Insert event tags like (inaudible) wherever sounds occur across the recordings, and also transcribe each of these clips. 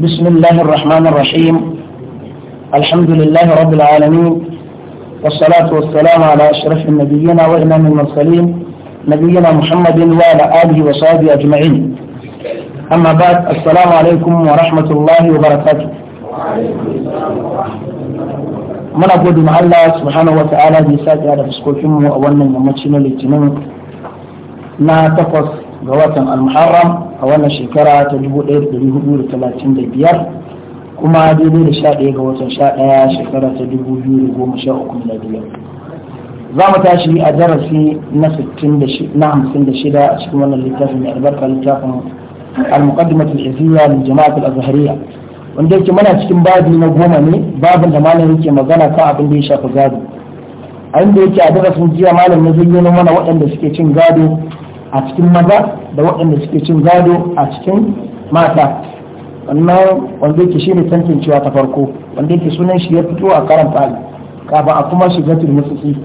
بسم الله الرحمن الرحيم الحمد لله رب العالمين والصلاة والسلام على أشرف النبيين وإمام المرسلين نبينا محمد وعلى آله وصحبه أجمعين أما بعد السلام عليكم ورحمة الله وبركاته من أقول مع الله سبحانه وتعالى بيساك على فسكوكم وأولنا يمتشنا للتنين نا تقص ga watan al-muharram a wannan shekara ta 1435 kuma daidai da 11 ga watan 11 shekara ta 2013 miladiya za mu tashi a darasi na 56 a cikin wannan littafin mai albarka littafin al-muqaddimat al-izziya lil jama'at al-azhariyya wanda yake mana cikin babi na goma ne babin da malam yake magana kan abin da ya shafi gado a inda yake a darasin jiya malam na zayyano mana waɗanda suke cin gado a cikin maza da waɗanda suke cin gado a cikin mata wannan wanda yake shi ne tantancewa ta farko wanda yake sunan shi ya fito a karan fali kafin a kuma shiga turmutsutsi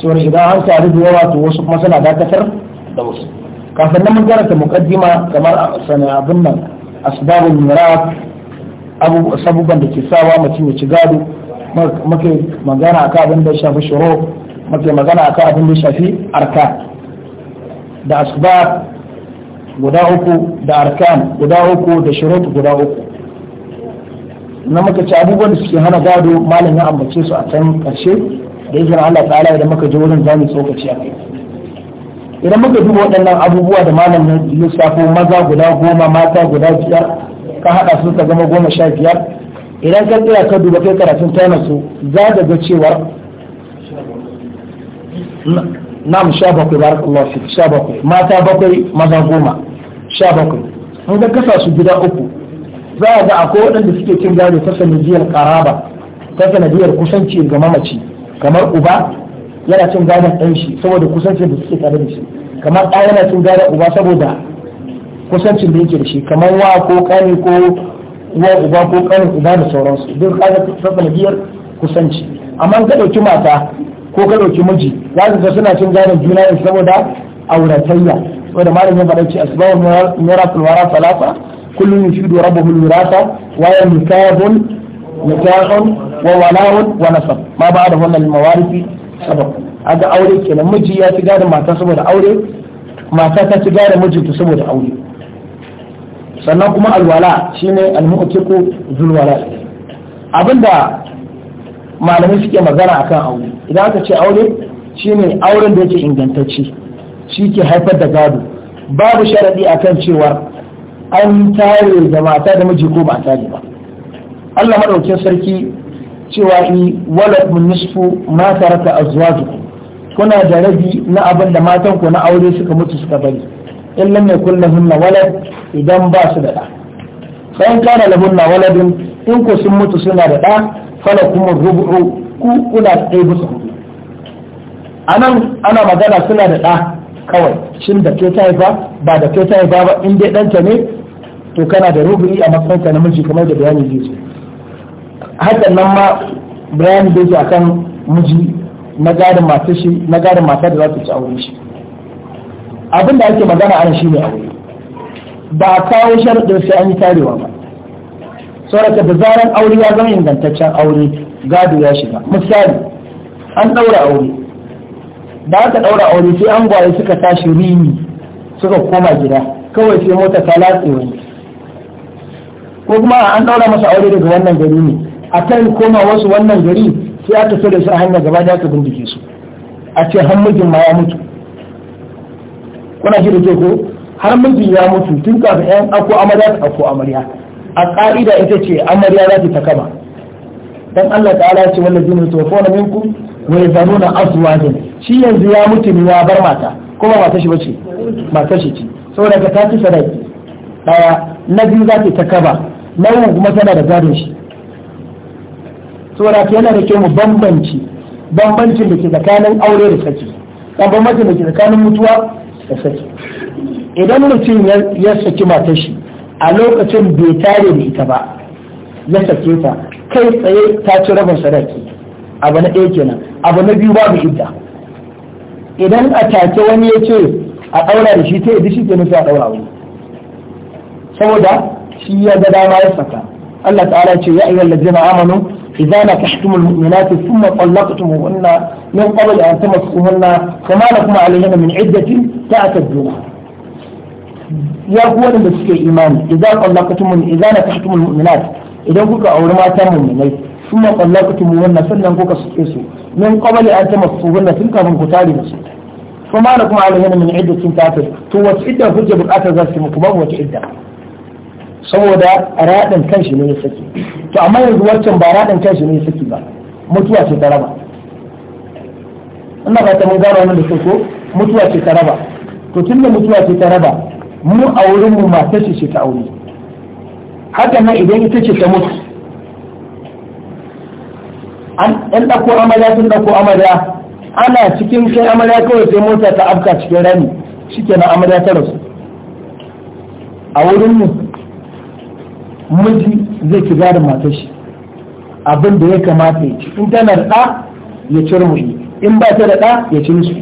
cewar idan an taru da yawa to wasu kuma suna dakatar da wasu kafin nan mun ta muqaddima kamar sana abin nan asbabul mirab abu sabuban da ke sawa mutum ya ci gado muke magana akan abin da ya shafi shuru muke magana akan abin da ya shafi arka da asbab guda uku da arkan guda uku da shirut guda uku na muka ci abubuwan da suke hana gado malam ya ambace su a can karshe da izin Allah ta'ala idan muka je wurin zamu tsokaci a kai idan muka duba waɗannan abubuwa da malam ya lissafo maza guda goma mata guda biyar ka haɗa su ka zama goma sha biyar idan ka tsaya ka duba kai karatun tana su za ga ga cewar Na mu sha bakwai ba barakallahu fi sha bakwai mata bakwai maza goma sha bakwai in ga kasa su gida uku za a ga akwai waɗanda suke cin gado ta sanadiyar karaba ta sanadiyar kusanci ga mamaci kamar uba yana cin gadon ɗan shi saboda kusancin da suke tare da shi kamar ɗa yana cin gadon uba saboda kusancin da yake da shi kamar wa ko kani ko uwa uba ko kanin uba da sauransu duk kaga ta sanadiyar kusanci amma ga ɗauki mata ko ka ɗauki miji za su suna cin gadon juna ne saboda auratayya saboda malam ya faɗa ce asbabu miracle wara falafa kullum yufidu rabbuhul mirasa wa ya mutahun mutahun wa wala'un wa nasab ma ba da wannan mawarisi sabab aga aure kenan miji ya ci gane mata saboda aure mata ta ci miji mijinta saboda aure sannan kuma alwala shine almu'tiku zulwala abinda malamai suke magana akan aure idan aka ce aure shine auren da yake ingantacce shi ke haifar da gado babu sharadi akan cewa an tare da mata da miji ko ba tare ba Allah madaukin sarki cewa ni walad nisfu ma taraka azwajukum kuna da rabi na abin da matan ku na aure suka mutu suka bari in lam yakul lahunna walad idan ba su da da kana lahunna waladun in ku sun mutu suna da da fala kuma rubu'u ku kuna ɗaya bisa hudu anan ana magana suna da ɗa kawai shin da ke ta haifa ba da ke ta haifa ba in dai danta ne to kana da rubu'i a matsayinka namiji kamar da bayani zai zo. haka nan ma bayani da yake akan miji na gadin matar shi na gadin matar da za ta ci aure shi abin da ake magana ana shi ne aure ba a kawo sharaɗin sai an yi tarewa ba saboda da zaran aure ya zama ingantaccen aure gado ya shiga misali an ɗaura aure da aka ɗaura aure sai an gwaye suka tashi rini suka koma gida kawai sai mota ta latse wani ko kuma an ɗaura masa aure daga wannan gari ne a kan koma wasu wannan gari sai aka so da su a hanya gaba da aka bindike su a ce har mijin ma ya mutu kuna shi da ke ko har mijin ya mutu tun kafin yan ako amarya ta ako amarya a ƙa'ida ita ce amarya za ta ta kama dan Allah ta'ala ce wannan jinin tofona minkum wa yazaruna azwajin shi yanzu ya mutu ne ya bar mata kuma mata shi bace mata shi ce saboda ka ta ci sadaki daya na biyu za ta kama na uku kuma tana da gadon shi saboda ka yana da kyau mu bambanci bambancin da ke tsakanin aure da saki dan bambancin da ke tsakanin mutuwa da saki idan mutum ya saki matar shi a lokacin bai tare da ita ba ya sake ta kai tsaye ta ci rabin sadaki abu na ɗaya kenan abu na biyu babu idda idan a take wani ya ce a ɗaura da shi ta yadda shi ke nufi a ɗaura wani saboda shi ya ga dama ya saka Allah ta'ala ce ya ayyuhal ladzina amanu idza nakahtumul mu'minati thumma talaqtumuhunna min qabl an tamassuhunna kama lakum alayhinna min iddatin ta'taduha ya ku wanda suke imani idza qallaqtum idza nakahtum mu'minat idan kuka auri mata mu'minai kuma qallaqtum wannan sannan kuka suke su min qabli an tamassuhunna sun kafin ku tare da su kuma na kuma alaihin min iddatin kafir to wace idda kuke bukata za su muku babu wace idda saboda raɗin kanshi ne ya saki to amma yanzu wancan ba raɗin kanshi ne ya saki ba mutuwa ce ta raba ina ba ta mun gano wannan da ko mutuwa ce ta raba to tunda mutuwa ce ta raba mu a wurin mu mata ce ce ta aure haka nan idan ita ce ta mutu an dako amarya sun dako amarya ana cikin kai amarya kawai sai mota ta afka cikin rami shike na amarya ta rasu a wurin mu miji zai ki gadin matar shi abin da ya kamata ya ci in tana da ɗa ya ci rumuni in ba ta da ɗa ya ci musu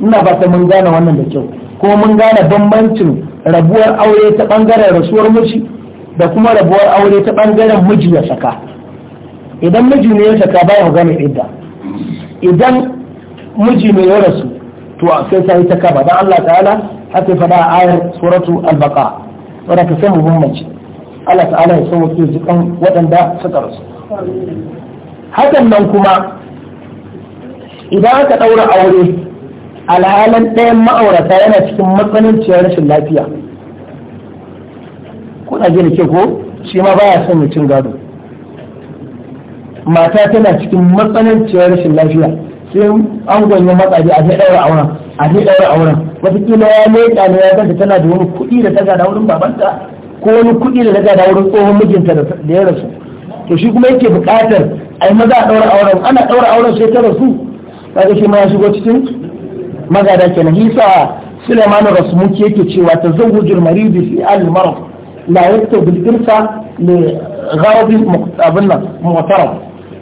ina ba ta mun gane wannan da kyau ko mun gane bambancin rabuwar aure ta bangaren rasuwar miji da kuma rabuwar aure ta bangaren miji ya saka idan miji ne ya saka baya magana idda idan miji ne ya rasu to sai sai ta kaba dan Allah ta'ala haka fada a ayar suratu al-baqa wanda ka san muhimmanci Allah ta'ala ya san wasu jikan waɗanda suka rasu hakan nan kuma idan aka ɗaura aure alhalin ɗayan ma'aurata yana cikin matsananciyar rashin lafiya kuna ji da ke ko shi ma baya son ya cin gado mata tana cikin matsananciyar rashin lafiya sai an gwanye matsaji a daura auren a daura auren wataƙila ya leƙa ne ya ganta tana da wani kuɗi da ta gada wurin babanta ko wani kuɗi da ta gada wurin tsohon mijinta da ya rasu to shi kuma yake buƙatar a yi maza a ɗaura auren ana ɗaura auren sai ta rasu kaga shi ma ya shigo cikin magada kenan hisa Sulaiman Rasmuki yake cewa ta tazawwujul marid fi al marad la yaktab al irsa li gharab muqtabna mu'tarab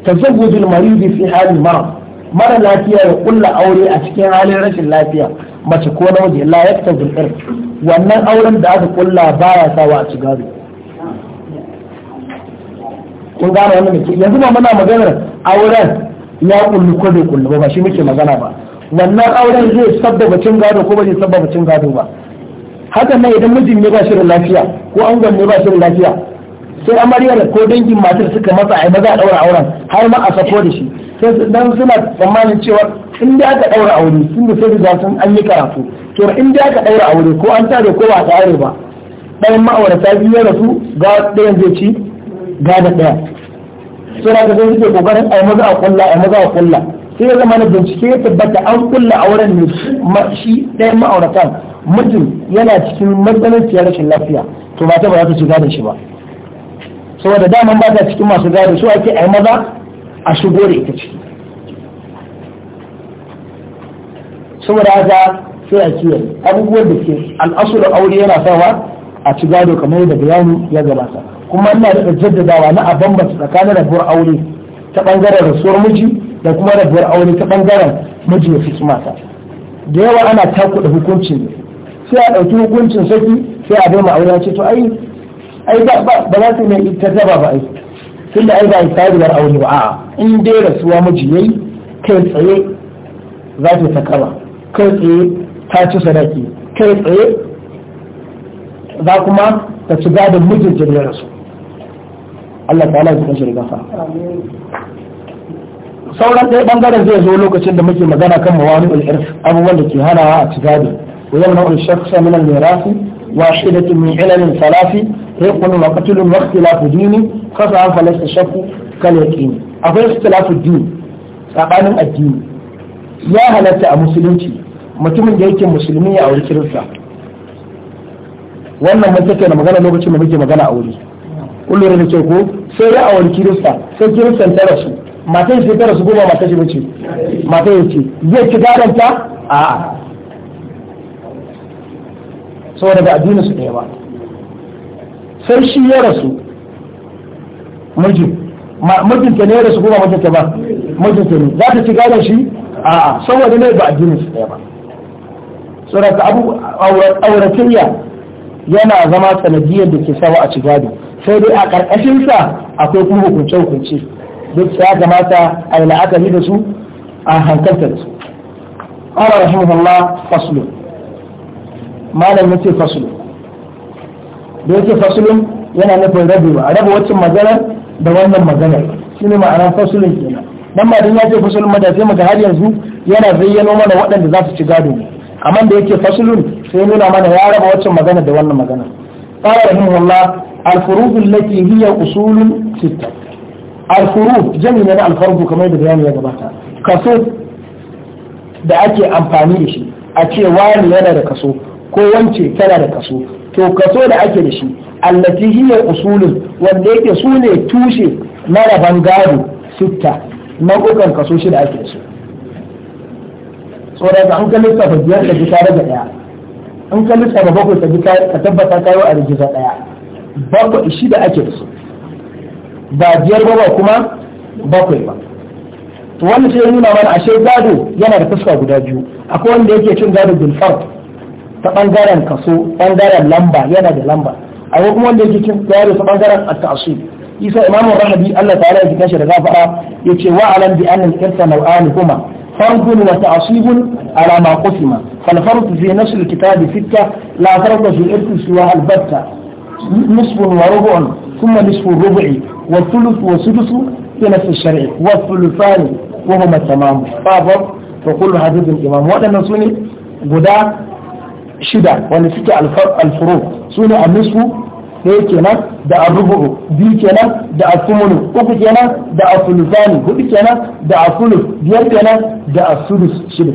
tazawwujul marid fi al marad mara lafiya ya kulla aure a cikin halin rashin lafiya mace ko namiji la yaktab al irsa wannan auren da aka kulla baya sawa a cigado kun gane wannan yanzu ba muna maganar auren ya kullu ko bai kullu ba shi muke magana ba wannan auren zai sabbaba cin gado ko bai sabbaba cin gado ba hakan nan idan mijin ne ba shi da lafiya ko an ne ba shi da lafiya sai amaryar ko dangin matar suka matsa ai maza a daura auren har ma a sako da shi sai dan suna tsammanin cewa in da aka daura aure sun da sai da sun an yi karatu to in da aka daura aure ko an tare ko ba tare ba ɗayan ma'aurata biyu ya rasu ga ɗayan zai ci ga da ɗaya sai da zai suke kokarin ai maza a kulla ai maza a kulla sai ya zama na bincike ya tabbata an kulla auren ne shi ɗaya ma'auratan mijin yana cikin matsalanciyar rashin lafiya to ba ta ba za ta shiga da shi ba saboda daman ba ta cikin masu gado su ake ai maza a shigo da ita ciki saboda haka sai a kiyaye abubuwan da ke al'asurin aure yana sawa a ci gado kamar yadda bayani ya gabata kuma ina da jaddadawa na a bambanta tsakanin rabuwar aure ta bangaren rasuwar miji da kuma rabuwar aure ta bangaren miji ya saki mata da yawa ana taku takuda hukuncin sai a ɗauki hukuncin saki sai a bai ma aure ce to ai ai ba za su mai ita ta ba ba ai tun da ai ba ai sabuwar aure ba a in dai rasuwa miji yayi kai tsaye za ta sakaba kai tsaye ta ci sadaki kai tsaye za kuma ta ci gadon mijinta da ya rasu Allah ta'ala ya kashe gafa sauran ɗaya ɓangaren zai zo lokacin da muke magana kan mawani ul'irf abubuwan da ke hanawa a cigadi wa yamna ul shakhsa min al mirasi wa shidatu min ilal salafi yaqulu wa qatilu wa ikhtilafu dini kasa an falaysa shakku kal yaqini akwai ikhtilafu dini tsakanin addini ya halatta a musulunci mutumin da yake musulmi ya auri kirista wannan mun take magana lokacin da muke magana a wuri. kullu da ke ko sai ya auri kirista sai kiristan ta rasu matan shi tara su goma mata shi bace mata ya ce zai ci gadon ta a saboda daga addinin su ɗaya ba sai shi ya rasu mijin ta ne ya rasu goma mijinta ba mijinta ne za ta ci gadon shi a saboda ne ba addinin su ɗaya ba saboda abu auratayya yana zama sanadiyar da ke sawa a ci gado sai dai a ƙarƙashinsa akwai kuma hukunce-hukunce duk ya kamata a yi la'akari da su a hankalta da su ƙara rahimahullah faslu malam yace faslu da yake fasulun yana nufin rabewa raba wacce magana da wannan shi ne ma'anar fasulun kenan dan ba dan ya ce fasulun mata sai muka har yanzu yana zayyano mana waɗanda za su ci gado amma da yake fasulun sai nuna mana ya raba wacce magana da wannan maganar قال رحمه الله الفروض التي هي أصول ستة al-furuf jami ne na al-fardu kamar da bayani ya gabata kaso da ake amfani da shi a ce wani yana da kaso ko wance tana da kaso to kaso da ake da shi allati hiya usulun wanda yake su ne tushe na rabon gado sitta nau'ukan kaso shida ake da su saboda an kalli lissafa biyar ka ji tare da daya an kalli lissafa bakwai ta ji ka tabbata kayo a rigiza daya bakwai shida ake da su ba biyar ba kuma bakwai ba to wannan sai nuna mana ashe gado yana da fuska guda biyu akwai wanda yake cin gado bil fard ta bangaren kaso bangaren lamba yana da lamba akwai kuma wanda yake cin gado ta bangaren at-ta'sib isa imamu rahabi Allah ta'ala ya kashi da gafara yace wa alam bi annal irsa naw'an huma فرض وتعصيب على ما قسم فالفرض في نفس الكتاب ستة لا فرض في الإرث سوى البتة نصف وربع ثم نصف الربع والثلث والسدس في نفس الشرع والثلثان وهما التمام فاضل فكل حديث الإمام وأنا سوني غدا شدة وأنا الفروق سوني النصف ɗaya kenan da arrubu biyu kenan da asumunu uku kenan da asulufani hudu kenan da asulus biyar kenan da asulus shida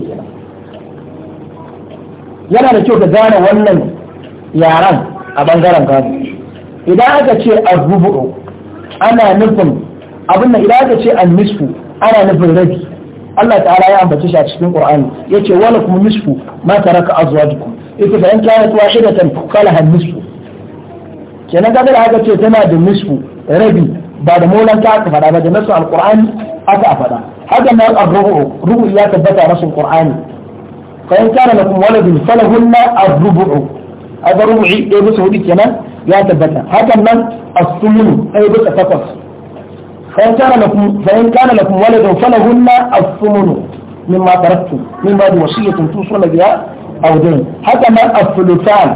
yana da kyau ka gane wannan yaran a bangaren gado idan aka ce arrubu ana nufin abinda idan aka ce annisfu ana nufin rabi Allah ta'ala ya ambace shi a cikin Qur'ani yace wala kum nisfu ma taraka azwajukum ita fa in kanat kala falaha nisfu kenan kaga da aka ce tana da nisfu rabi ba da molan ta aka fada ba da nasu alqur'ani aka fada haka na rubu'u rubu ya tabbata nasu qur'ani fa in kana lakum waladun falahunna rubu'u aga rubu'i ɗaya bisa hudu kenan ya tabbata hakan nan as-sumunu ɗaya bisa takwas fa kana lakum fa in kana lakum waladun falahunna as-sumunu mimma taraktum mimma bi wasiyatin tusuna biha aw dayn hakan nan as-suluthan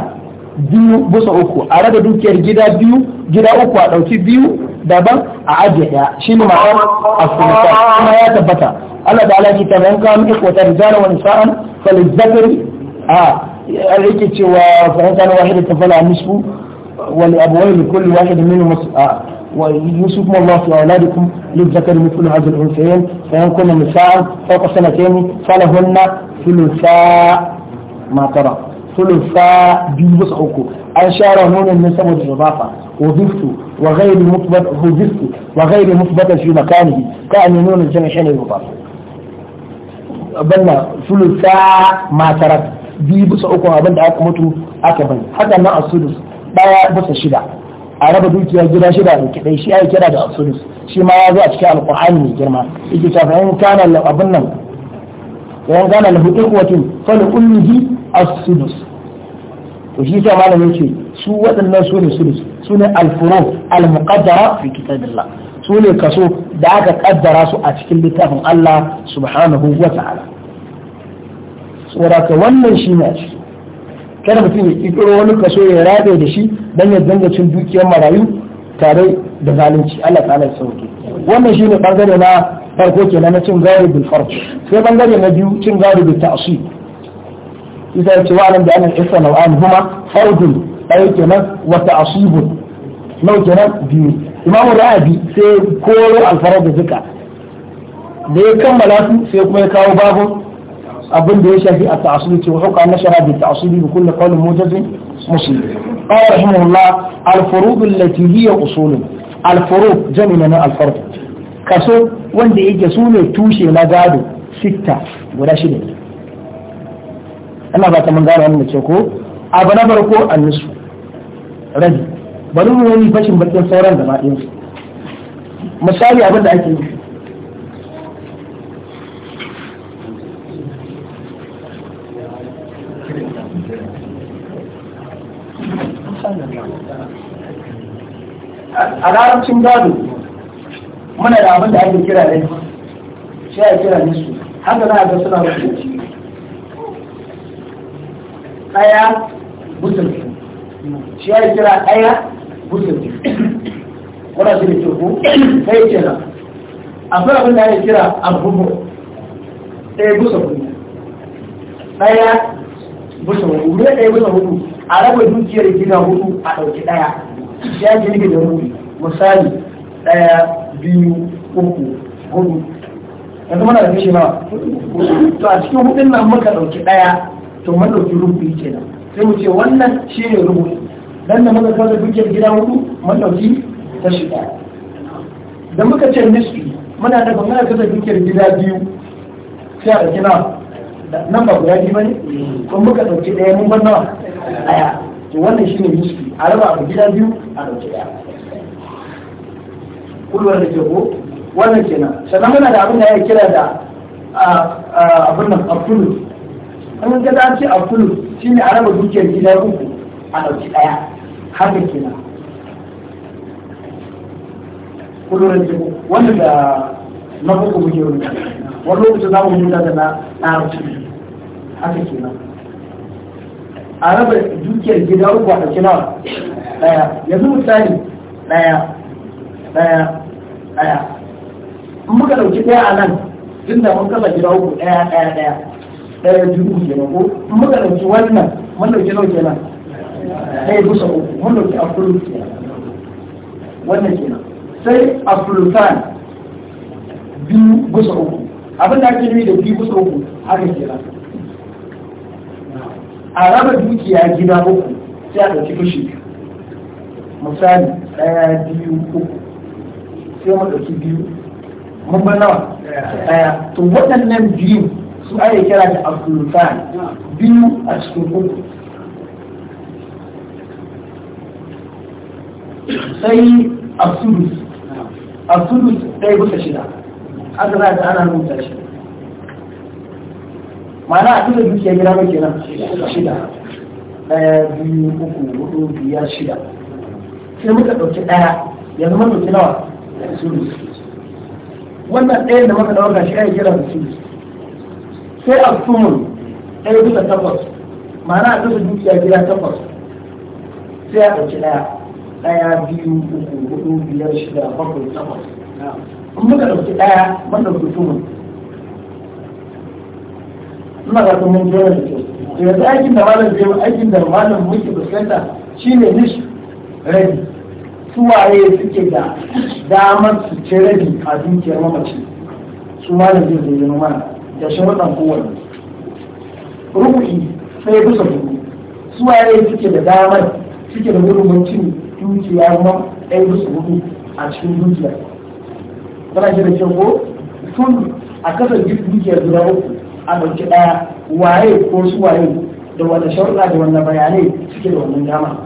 biyu bisa uku a rada dukiyar gida biyu gida uku a ɗauki biyu daban a ajiye ɗaya shi ne ma'ar as-suluthan kuma ya tabbata Allah da Allah ki ta bayan kawo ikwata rijala wa nisa'an falizakari a an yake cewa fa'in kana wahida ta fala nisfu wal abwayn kulli wahid الله في أولادكم للذكر مثل هذا الأنثيين فإن كنا نساء فوق سنتين فلهن ثلثا ما ترى ثلثا بيبس أوكو أشار هنا النساء والإضافة وضفت وغير مثبت وضفت وغير مثبت في مكانه كأن نون الجمع حين يضاف بل ثلثا ما تركت biyu bisa uku abin da aka mutu aka bari haka nan asudus daya bisa shida a raba dukiya gida shida da kidai shi ya kira da asudus shi ma ya zo a cikin alkur'ani mai girma yake cewa in kana abin nan wa kana lahu ikhwatin fa li ummihi asudus to shi sai malamin yace su waɗannan su ne sudus su ne alfuru almuqaddara fi kitabillah su ne kaso da aka kaddara su a cikin littafin Allah subhanahu wa ta'ala saboda wannan shi ne a ciki kada mutum ya kikiro wani kaso ya rabe da shi dan ya danga cin dukiyar marayu tare da zalunci Allah ta'ala ya sauke wannan shi ne bangare na farko kenan na cin gari bil farq sai bangare na biyu cin gari bil ta'sib إذا يتوعلم بأن الإنسان والآن هما فرد أي كمان وتعصيب لو كمان دين إمام الرابي سيقول الفرد ذكا da ya kammala su sai kuma ya kawo babu أبن بيشا في التعصيب وحق أن نشر هذه التعصيب بكل قول موجز مسلم قال رحمه الله الفروض التي هي أصول الفروض جمعنا الفرض كسو وان دي ايجا سولي توشي لغاد ستة ولا شدة أما بات من قال عنه تشوكو أبنا بركو النصف رجل بلوني وني بشن بطن سوران دمائيوس مسالي أبن دا ايجا a larabcin gado muna da abin da ake kira ne shi a kira ne su haka za a ga suna rubuci ɗaya butul shi a kira ɗaya butul wadda shi da ke ku sai kira akwai abin da ake kira abubu ɗaya butul ɗaya butul ɗaya butul hudu a rabar dukiyar gida hudu a ɗauki ɗaya shi ake nufi da rubi misali ɗaya biyu uku hudu yanzu mana da kashi nawa to a cikin hudun nan muka ɗauki ɗaya to mun ɗauki rubi kenan sai mu ce wannan shi ne rubutu. dan da muka kawo dukiyar gida hudu mun ɗauki kashi ɗaya da muka ce nisfi muna da muna kawo dukiyar gida biyu sai a ɗauki nawa nan ba guda biyu ba ne kuma muka ɗauki ɗaya mun bar nawa ɗaya to wannan shi ne musu a raba abu gida biyu a ɗauki ɗaya kulwar da ke ko wannan kenan sannan muna da abin da ya kira da abin nan abdulu an ga da ce abdulu shi ne a raba dukiyar gida uku a ɗauki ɗaya haka kenan kulwar da ke ko wannan da na uku muke wani wani lokacin za mu yi da na na haka kenan a raba dukiyar gida uku a ɗauki nawa ɗaya yanzu misali ɗaya ɗaya ɗaya in muka ɗauki ɗaya a nan tun da mun kasa gida uku ɗaya ɗaya ɗaya ɗaya uku kenan ko in muka ɗauki wannan mun ɗauki nawa kenan ɗaya kusa uku mun ɗauki a kullum kenan wannan kenan sai a fulfan biyu kusa uku abin da ake nufi da biyu kusa uku haka kenan a raba dukiya gida uku sai a ɗauki fushi misali ɗaya biyu uku sai mu ɗauki biyu mun ba nawa ɗaya to waɗannan biyu su ake kira da abdulfan biyu a cikin uku sai absudus absudus ɗaya bisa shida aka za ta ana rubuta shi ma'ana a duka dukiya gida mai kenan shida ɗaya biyu uku hudu biyar shida sai muka ɗauki ɗaya yanzu mun ɗauki nawa sulu wannan ɗayan da muka ɗauka shi ake kira sulu sai a sumun ɗaya duka takwas ma'ana a duka dukiya gida takwas sai a ɗauki ɗaya ɗaya biyu uku hudu biyar shida bakwai takwas in muka ɗauki ɗaya mun ɗauki sumun ina ga mun ji wannan kyau to yanzu aikin da malam zai aikin da malam muke fuskanta shine nish rabi su waye suke da damar su ci rabi a dukiyar mamaci su malam zai zai zama mana da shi wadan kowanne rubu'i sai bisa dubu su waye suke da damar suke da wurin cin dukiya ma ɗaya bisa hudu a cikin dukiya kana shi da kyau ko Sun a kasar dukiyar guda uku a ɗauki ɗaya waye ko su waye da wata sharuɗa da wanda bayanai suke da wannan dama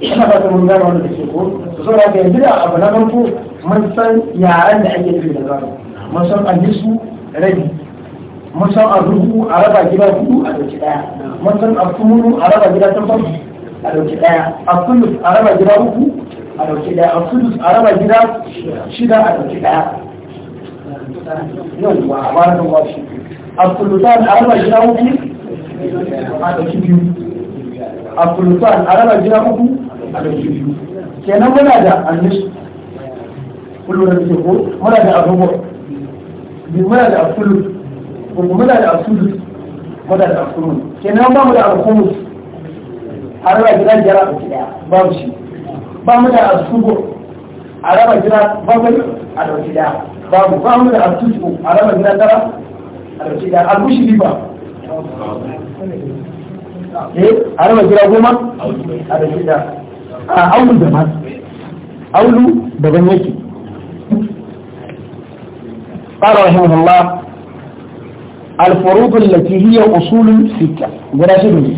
ina ba ta mun gane wanda ke ko su saboda ga yanzu da abu na farko mun san yaren da ake nufi da gano mun san a su rabi mun san a rubu a raba gida hudu a ɗauki ɗaya mun san a kumuru a raba gida takwas a ɗauki ɗaya a kulus a raba gida uku a ɗauki ɗaya a kulus a raba gida shida a ɗauki ɗaya yawwa barakan ba shi abdullutan araba gida uku a ɗauki biyu abdullutan araba gida uku a ɗauki biyu kenan muna da annis kullum da ke ko muna da abubuwa muna da absolute muna da absolute muna da absolute kenan ba mu da alkumus a raba gida jira babu shi ba mu da asubu a raba gida babu a ɗauki daya babu ba mu da asusu alamar na tara alwashida alwashidi ba eh alamar gida goma alwashida a aulu da masu aulu daban yake قال رحمه الله الفروض التي هي أصول ستة وراشدني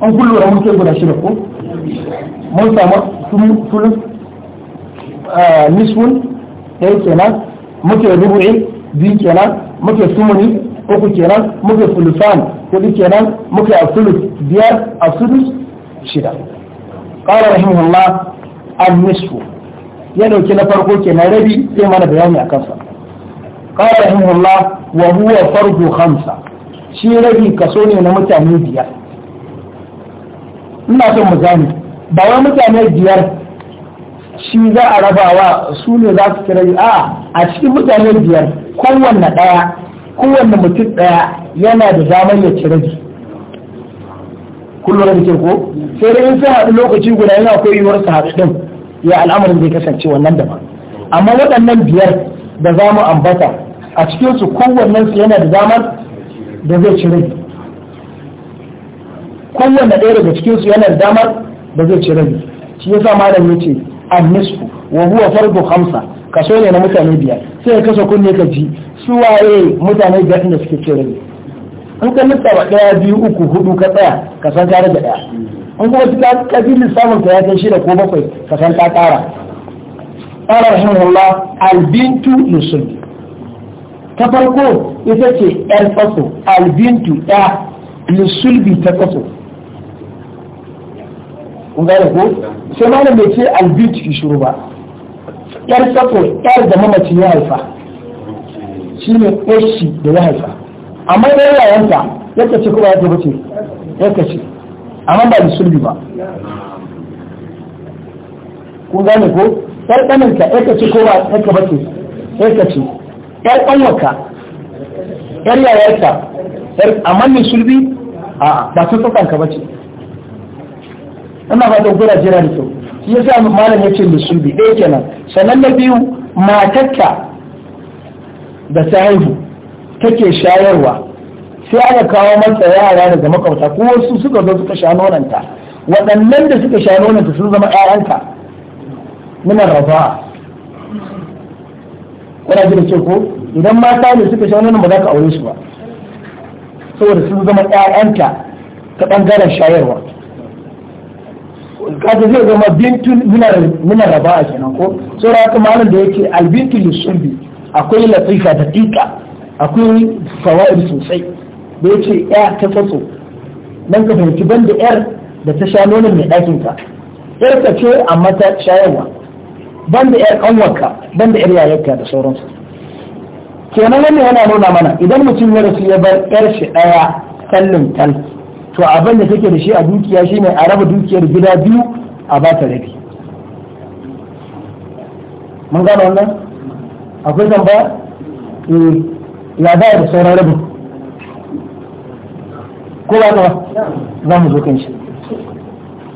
an kullu da mun kai guda shida ko mun samu sulus nisfun ɗaya kenan muke rubu'i biyu kenan muke sumuni uku kenan muke fulusan hudu kenan muke asulus biyar asulus shida qala rahimahullah an-nisfu ya dauki na farko kenan rabi sai mana bayani akan sa qala rahimahullah wa huwa farko khamsa shi rabi kaso ne na mutane biyar ina son mu gane ba wai mutane biyar shi za a rabawa su ne za su kira a a cikin mutane biyar kowanne ɗaya kowanne mutum ɗaya yana da damar ya cire ji kullum da ke ko sai dai in sun haɗu lokaci guda yana akwai yiwuwar su haɗu ɗin ya al'amarin zai kasance wannan da ba. amma waɗannan biyar da za mu ambata a cikinsu kowanne su yana da damar da zai cire ji kowanne ɗaya daga cikinsu yana da damar da zai cire ji shi yasa malam ya ce annisku wa huwa fardu khamsa kaso ne na mutane biyar sai ka kaso kunne ka ji su waye mutane biyar da suke ce rabi An ka ba daya biyu uku hudu ka tsaya ka san tare da daya an kuma ka ka samun lissafin ka ya kai shida ko bakwai ka san ta tsara qala rahimahullah albintu yusuf ta farko ita ce yar tsatso albintu ya nusulbi ta tsatso kun gane ko sai malam bai ce albit fi shuru ba yar sako yar da mamaci ya haifa shi ne ƙoshi da ya haifa amma da yayanta yadda ce kuma yadda bace yadda ce amma ba da sulbi ba kun gane ko yar ɗaninka yadda ce kuma yadda bace yadda ce yar ƙanwarka yar yayarta amma ne sulbi a ba su tsakanka bace ina fatan gura jira da kyau shi yasa malam su bi ɗaya kenan sannan na biyu matakka da ta haihu take shayarwa sai aka kawo mata yara daga makwabta ko wasu suka zo suka sha nonanta waɗannan da suka sha nonanta sun zama ƴaƴanta muna rafa kuna ji da ce ko idan mata ne suka sha nonon ba za ka aure su ba saboda sun zama ƴaƴanta ta ɓangaren shayarwa kaga zai zama bintun muna raba a kenan ko saboda haka malam da yake albintu lissulbi akwai latifa da dika akwai fawa'id sosai da yake ya ta tsatso nan ka fahimci banda yar da ta sha nonon mai ɗakin ka yar ka ce amma ta shayarwa banda yar kanwarka banda yar yayarka da sauransu kenan wannan yana nuna mana idan mutum ya rasu ya bar yar shi ɗaya kallon talfi to abin da take da shi a dukiya shine a raba dukiyar gida biyu a ba ta rabi mun gano wannan akwai zamba eh, ya da da sauran rabin ko ba ta za mu zo kan shi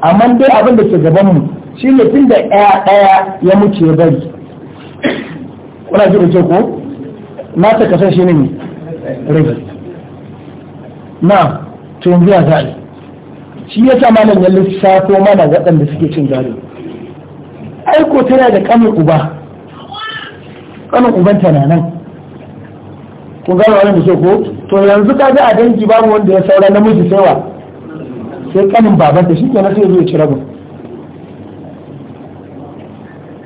amma dai abin da ke gabanmu shi ne tun da ɗaya ɗaya ya muke ya bari kuna ji da ke ko na ta kasar shi ne rabi na to yanzu ya za ne shi ya sa malam ya ko mana waɗanda suke cin gado aiko tana da kanin uba kanin uban na nan kun gano wannan da ko to yanzu ka ga a dangi babu wanda ya saura namiji sai wa sai kanin baban ta shi ke nasu zai ci rabin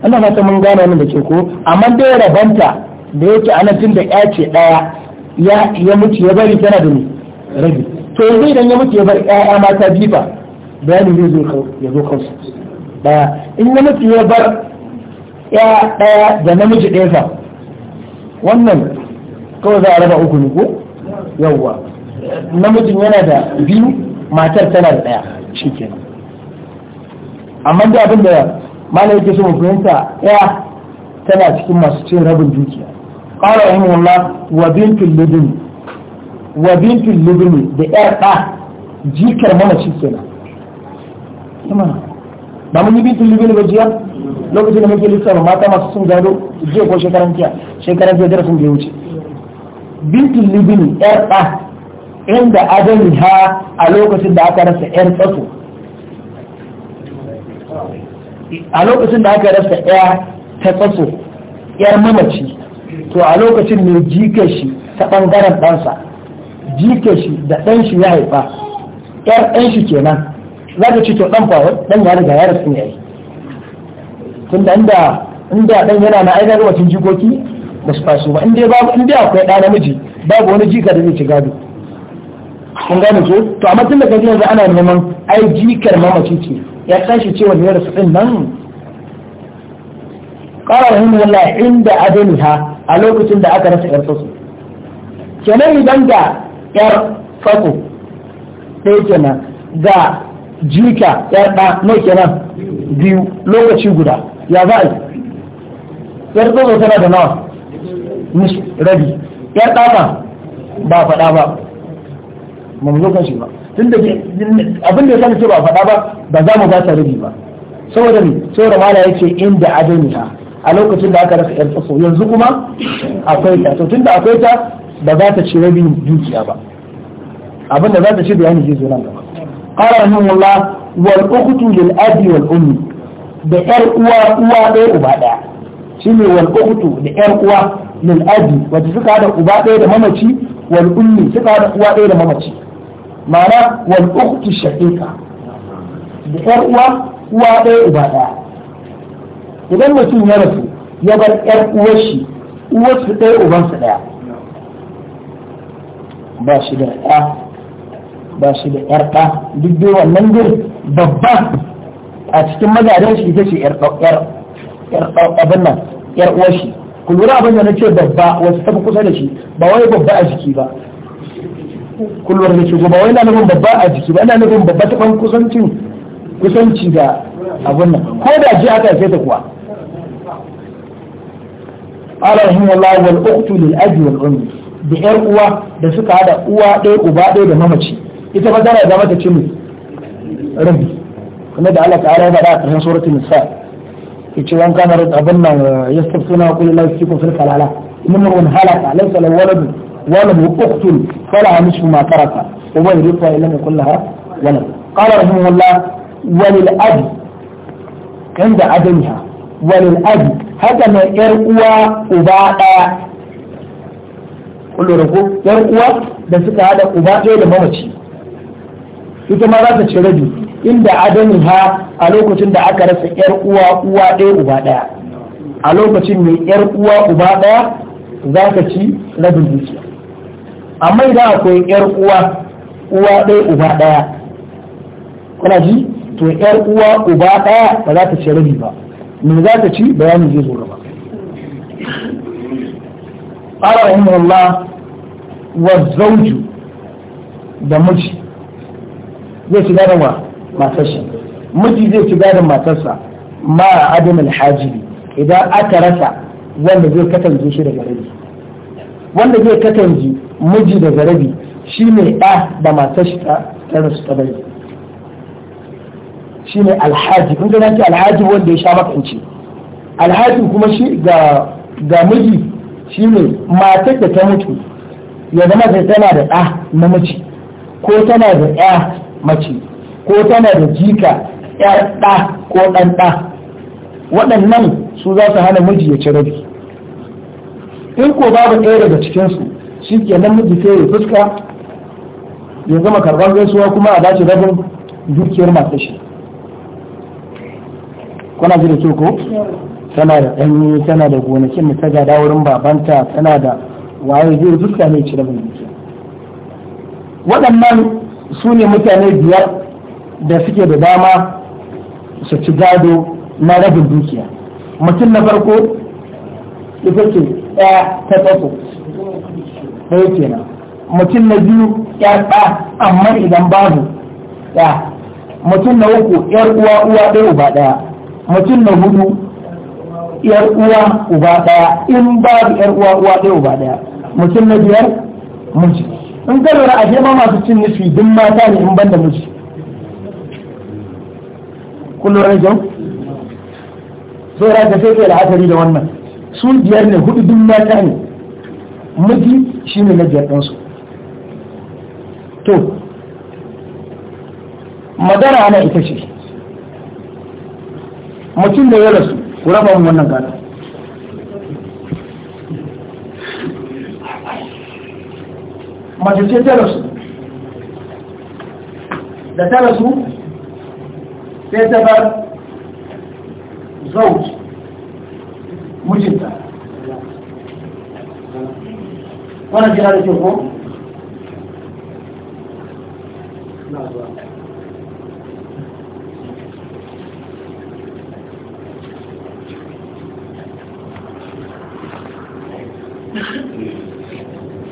Allah fata mun gano wannan da ke ko amma dai rabanta da yake ana tun da ya ce ɗaya ya mutu ya bari tana da ni rabi to yanzu idan ya mutu ya bar ƴaƴa mata jifa bayanin zai zo ya zo kansu daya in na mutu ya bar ya da namiji ɗaya fa wannan kawai za a raba uku ne ko yawwa namijin yana da biyu matar tana da ɗaya shi kenan amma da abin da malam yake so mu fahimta ɗaya tana cikin masu cin rabin dukiya قال رحمه الله وبنت اللبن wa bintul Lubini da yar ɗa jikar mamaci ke na. ba mun yi bintul Lubini ba jiya lokacin da muke lissafa mata masu sun gado jiya ko shekaran jiya shekaran jiya darasin da ya wuce bintul Lubini yar ɗa inda adami ha a lokacin da aka rasa yar tsaso a lokacin da aka rasa ɗaya ta tsaso yar mamaci to a lokacin ne jikar shi ta ɓangaren ɗansa jike shi da ɗan shi ya haifa ƴar ɗan shi kenan za ka ci to ɗan fa ɗan ya riga ya rasu ne yayi tun da inda inda ɗan yana na ainihin wacin jikoki ba su faso ba inda babu inda akwai ɗa namiji babu wani jika da zai ci gado kun gane ko to amma tun da kaji yanzu ana neman ai jikar mamaci ce ya tashi cewa ne rasu ɗin nan ƙara rahimahullah inda ha a lokacin da aka rasa ƴar kenan idan da yar fako ɗaya kenan ga jika yar ɗa mai kenan biyu lokaci guda ya za a yi yar tsoro tana da nawa nisu rabi yar ɗa ba faɗa ba ba mu zo kan shi ba tun da abin da ya sani ce ba faɗa ba ba za mu ba ta rabi ba saboda ne saboda mala yake inda inda adamiha a lokacin da aka rasa yar tsofo yanzu kuma akwai ta to tun da akwai ta ba za ta ci rabin dukiya ba abin da za ta ci bayani zai zo nan gaba qala rahimullah wal ukhtu lil abi wal ummi da yar uwa uwa ɗaya uba ɗaya shine wal ukhtu da yar uwa lil abi wanda suka hada uba ɗaya da mamaci wal ummi suka hada uwa ɗaya da mamaci ma'ana wal ukhtu shaqiqa da yar uwa uwa ɗaya uba ɗaya idan mutum ya rasu ya bar yar uwar shi uwar su ɗaya uban su ɗaya ba shi da ɗa ba shi da ƴar ɗa duk dai wannan dai babba a cikin mazajen shi ita ce ƴar abin nan ƴar uwar shi ku lura abin da na ce babba wasu tafi kusa da shi ba wai babba a jiki ba ku da shi ba wai na nufin babba a jiki ba ina nufin babba ta ban kusancin kusanci da abin nan ko da ji aka sai ta kuwa قال رحمه الله والأخت للأب والأم da yar uwa da suka hada uwa ɗaya uba ɗaya da mamaci ita ba tana zama ta ce mu rabi kuma da Allah ta'ala ya faɗa a ƙarshen suratul nisa yace wan kana abin nan uh, yastafuna qul la yusikum fil kalala inna man halaka laysa lahu walad وله أخت فلها نصف ما ترك ومن يرثها إن لم يكن لها ولد قال رحمه الله وللأب عند عدمها وللأب هذا uwa uba أباء kullum ko yan uwa da suka hada uba ɗaya da mamaci ita ma za ta ci rabi inda adamin ha a lokacin da aka rasa yar uwa uwa ɗaya uba ɗaya a lokacin mai yar uwa uba ɗaya za ka ci rabin dukiya amma idan akwai yar uwa uwa ɗaya uba ɗaya kuna ji to yar uwa uba ɗaya ba za ta ci rabi ba me za ta ci bayanin zai zo gaba قال رحمه الله والزوج da miji zai ci gadon matarsa miji zai ci gadon matarsa ma adamin hajibi idan aka rasa wanda zai katange shi daga rabi wanda zai katange miji daga rabi shi ne ɗa da matarsa ta rasu ta bari shi ne alhaji in ga alhaji wanda ya sha makance, alhaji kuma shi ga miji shine matar da ta mutu ya zama da tana da ɗa namiji ko tana da ɗa mace ko tana da jika ƴar ɗa ko ɗan ɗa waɗannan su za su hana miji ya ci rabi in ko babu ɗaya daga cikinsu shi ke nan miji sai ya fuska ya zama karɓar gaisuwa kuma a dace rabin dukiyar masu shi kuna ji da ko tana da ɗanyi tana da gonakin da ta gada wurin babanta tana da waye zai duka ne cire mai dukiya waɗannan su ne mutane biyar da suke da dama su ci gado na rabin dukiya mutum na farko ita ce ɗaya ta Ta ɗaya kenan mutum na biyu ya ɗa amma idan babu ɗaya mutum na uku ‘yar uwa uwa ɗaya uba ɗaya mutum na hudu yar uwa uba daya in babu yar uwa uwa daya uba daya mutum na biyar miji in ka lura a ma masu cin nufi duk mata ne in banda miji kun lura jan sai ra ka sai kai la'akari da wannan su biyar ne hudu duk mata ne miji shine na biyar ɗansu to magana ana ita ce mutum da ya rasu ku raba mu wannan gata mace ce ta rasu da ta rasu sai ta bar zauj mujinta wannan jira da ke ko?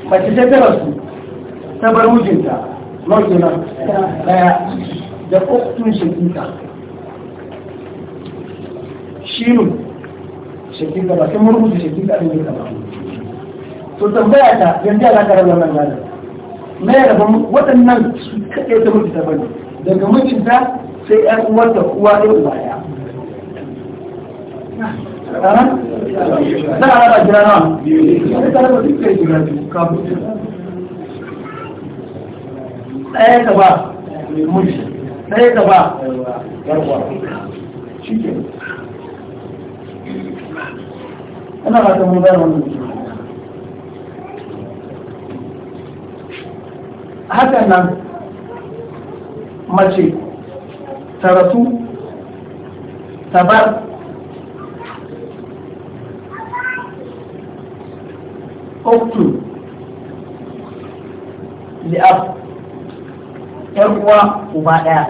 mace ta tara su ta bar mijinta maujina daya da uktun shakika shinu shakika ba ta murmusu shakika ne kama to tambaya ta yanzu ana karar wannan gane na yara ba waɗannan su kaɗai ta mijinta ba ne daga mijinta sai ‘yan uwarta uwa ɗaya uwa ɗaya za a raba jira na? Za a raba duk kai jira biyu. ɗaya ka ba mulki ɗaya ka ba yarwa shi ke ana ba ta mubar wannan hakan nan mace ta rasu ta bar uktu li'ab ƴar uwa uba ɗaya,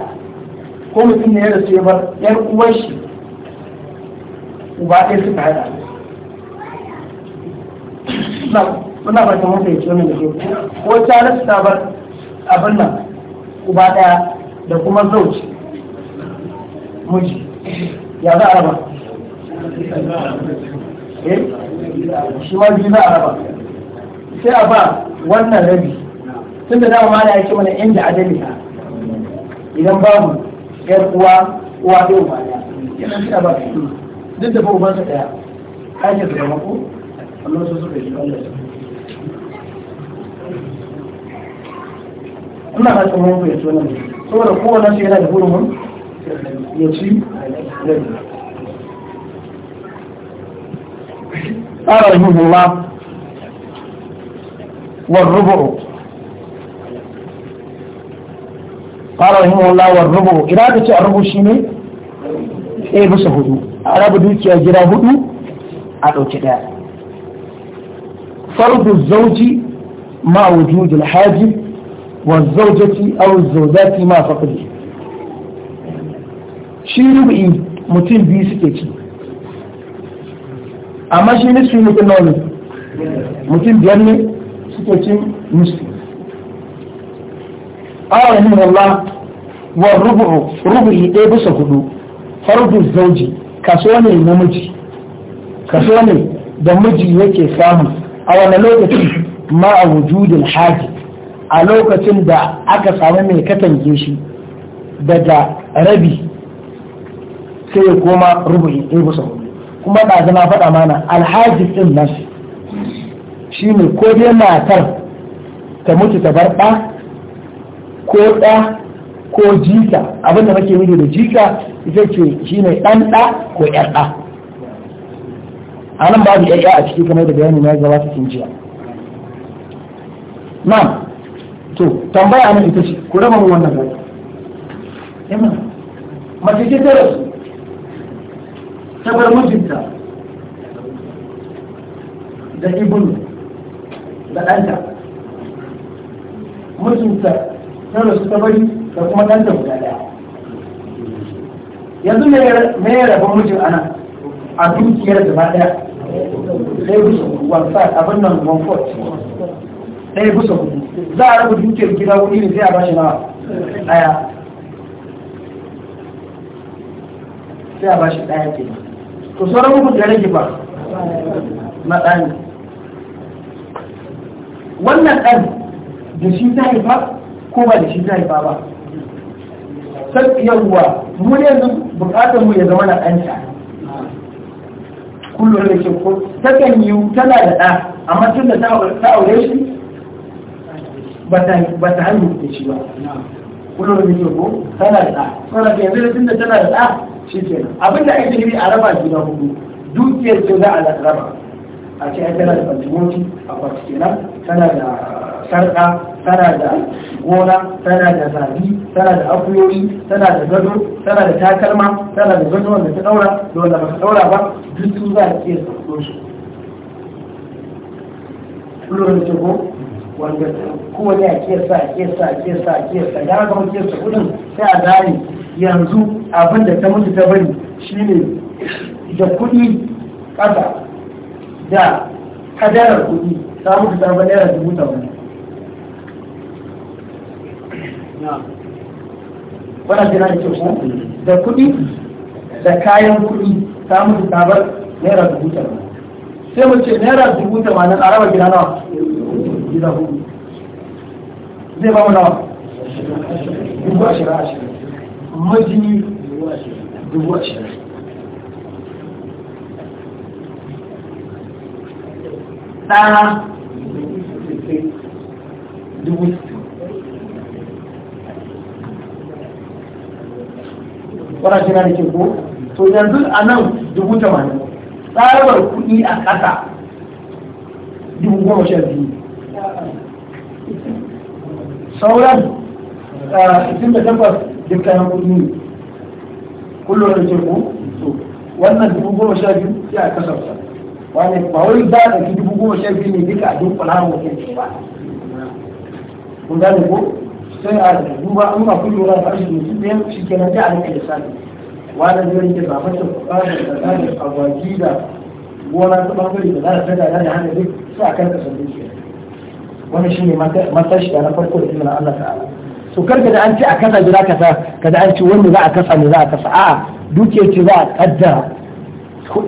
ko mutum ne ya rasu ya bar yar uwar shi uba ɗaya suka haɗa muna fata mun fahimci wannan da ke ko ta rasu ta bar abin nan uba ɗaya da kuma zauci miji ya za a raba eh shi ma biyu za a raba sai a ba wannan rabi tun da dama mala ya ce mana inda adali ha idan babu yar uwa uwa ɗaya uba ya yana shi ba su duk da babu bansa ɗaya ka ce da mako, ko Allah su suka yi Allah ina ba su mun ya tona ne saboda kowane su yana da hurumin ya ci lalle قال رحمه الله والربع قال رحمه الله والربع إذا كنت الربع شيني إيه بس هدو أربع دوكي أجرى هدو أدو كده فرض الزوج مع وجود الحاجب والزوجة أو الزوجات مع فقده shi rubu'i mutum biyu suke ci amma shi nisfi mutum nawa ne mutum biyar ne suke cin nisfi qala min Allah wa rubu'u rubu'i ɗaya bisa hudu fardu zauji kaso ne namiji kaso ne da miji yake samu a wani lokaci ma a wujudin haji a lokacin da aka samu mai katange shi daga rabi sai ya koma rubu'i ɗaya bisa hudu kuma ɗazu na faɗa mana alhaji ɗin nan shi ne ko dai matar ta mutu ta bar ɗa ko ɗa ko jika abinda muke nufi da jika ita ce shi ne ɗan ɗa ko ƴar ɗa a nan babu ƴaƴa a ciki kamar da bayani na gabata cikin jiya na to tambaya nan ita ce ku raba mu wannan gaba yana eh mace ce ta su ta bar mijinta da ibnu da ɗanta mijinta sai su ta bari da kuma ɗan ta guda ɗaya yanzu me ya rabu mijin ana a dukiyar gaba ɗaya ɗaya bisa kudu wasa abin nan one fourth ɗaya bisa za a rabu dukiyar gida wani ne sai a bashi na ɗaya sai a bashi ɗaya ke to sauran hukun da rage ba na ɗani wannan ɗan da shi ta haifa ko ba da shi ta haifa ba sai yawwa mu ne yanzu bukatar mu ya zama na ɗanta kullum da ke ko ta kan yi tana da ɗa amma tun da ta aure shi ba ta hanyar da shi ba kullum da ke ko tana da ɗa tana da yanzu tun da tana da ɗa shi ke abinda ake yi a raba gida hudu dukiyar ce za a raba a ce ai tana da fantimoti a kwatikina tana da sarƙa tana da gona tana da zabi tana da akuyoyi tana da gado tana da takalma tana da gado wanda ta daura da wanda ba ta daura ba duk su za a iya sauko shi lura da ko wanda kowane a kesa a kesa a kesa a kesa ya aka kuma kesa kudin sai a zari yanzu abin da ta mutu ta bari shine da kudi kasa da kadarar kudi ta mutu ta yana naira dubu ta wani wannan jira da kyau da kuɗi da kayan kuɗi ta mutu ta bar naira dubu tamanin sai mu naira dubu tamanin a raba gida nawa gida hudu zai ba mu nawa dubu ashirin ashirin majini dubu ashirin ɗana dubu wara na da ko to yanzu a nan dubu tamanin kuɗi a ƙasa dubu goma sha biyu sauran da kuɗi kullum da ke ko wannan dubu goma sha biyu sai a wani ba wai za a ɗauki dubu goma sha biyu ne duka a duk ba kun ko sai a duba an ba kullu ra fashi mutum ɗaya shi kenan sai a rike lissafi wanda zai rike ba fasa kwanar da tsarin agwagi da gona ta bangare da za ta tada da hana duk sai a karka sabbin shi wannan shi ne matashi da na farko da izinin Allah ta'ala so karka da an ce a kasa za ka sa kada an ce wanda za a kasa ne za a kasa a'a dukiyar ce za a kaddara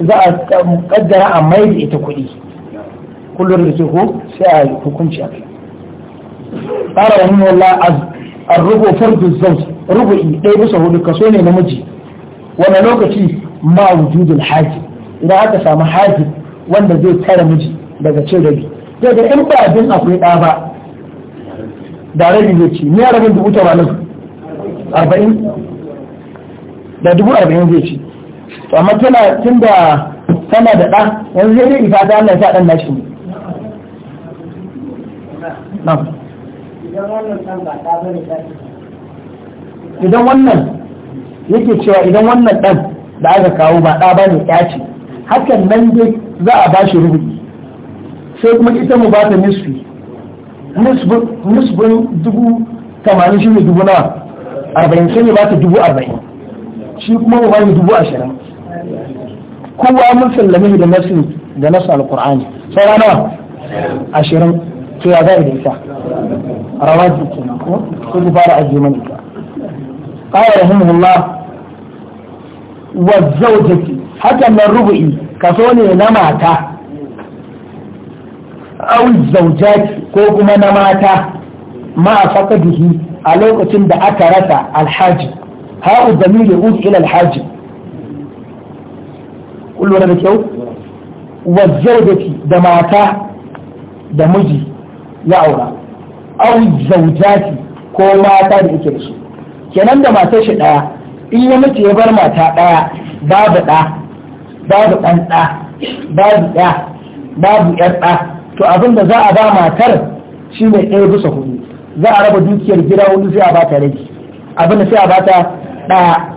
za a kaddara a mai da ita kuɗi kullum da ke ko sai a hukunci a kai قال a الله farko zaus الزوج in ɗaya bisa hudu kaso ne namiji wani lokaci ma wujudul haji idan aka samu haji wanda zai tara miji daga cin rabi daga in ba abin akwai ɗa ba da rabi zai ci ni rabin dubu tamanin arba'in da dubu arba'in zai ci to amma tana tun da tana da ɗa yanzu zai ne fata Allah ya sa ɗan nashi ne idan wannan yake cewa idan wannan ɗan da aka kawo ba ɗa bane ya ce hakan nan dai za a ba shi rubuci sai kuma ita mu ba ta nisfi nisbin dubu tamanin shi ne dubu na arba'in sai ne ba ta dubu arba'in shi kuma mu ba ni dubu ashirin kowa mun sallame da nasu da nasu alkur'ani sai nawa ashirin شو يا ذاهب إيسا رواد بارع الزمنك قال رحمه الله والزوجة حتى من الربع كثوني نماتا أو الزوجات كوكما نماتا ما فقده ألوك تند أكرتا الحاج ها الضمير يقول إلى الحاج قلوا لنا بكيو والزوجة دماتا دمجي دا ya aura au zaujati ko mata da yake da su kenan da matar shi daya in ya mace ya bar mata daya babu da babu dan da babu da babu yar da to abin da za a ba matar shine ɗaya bisa hudu za a raba dukiyar gida wani sai a ba ta rage abin da sai a ba ta da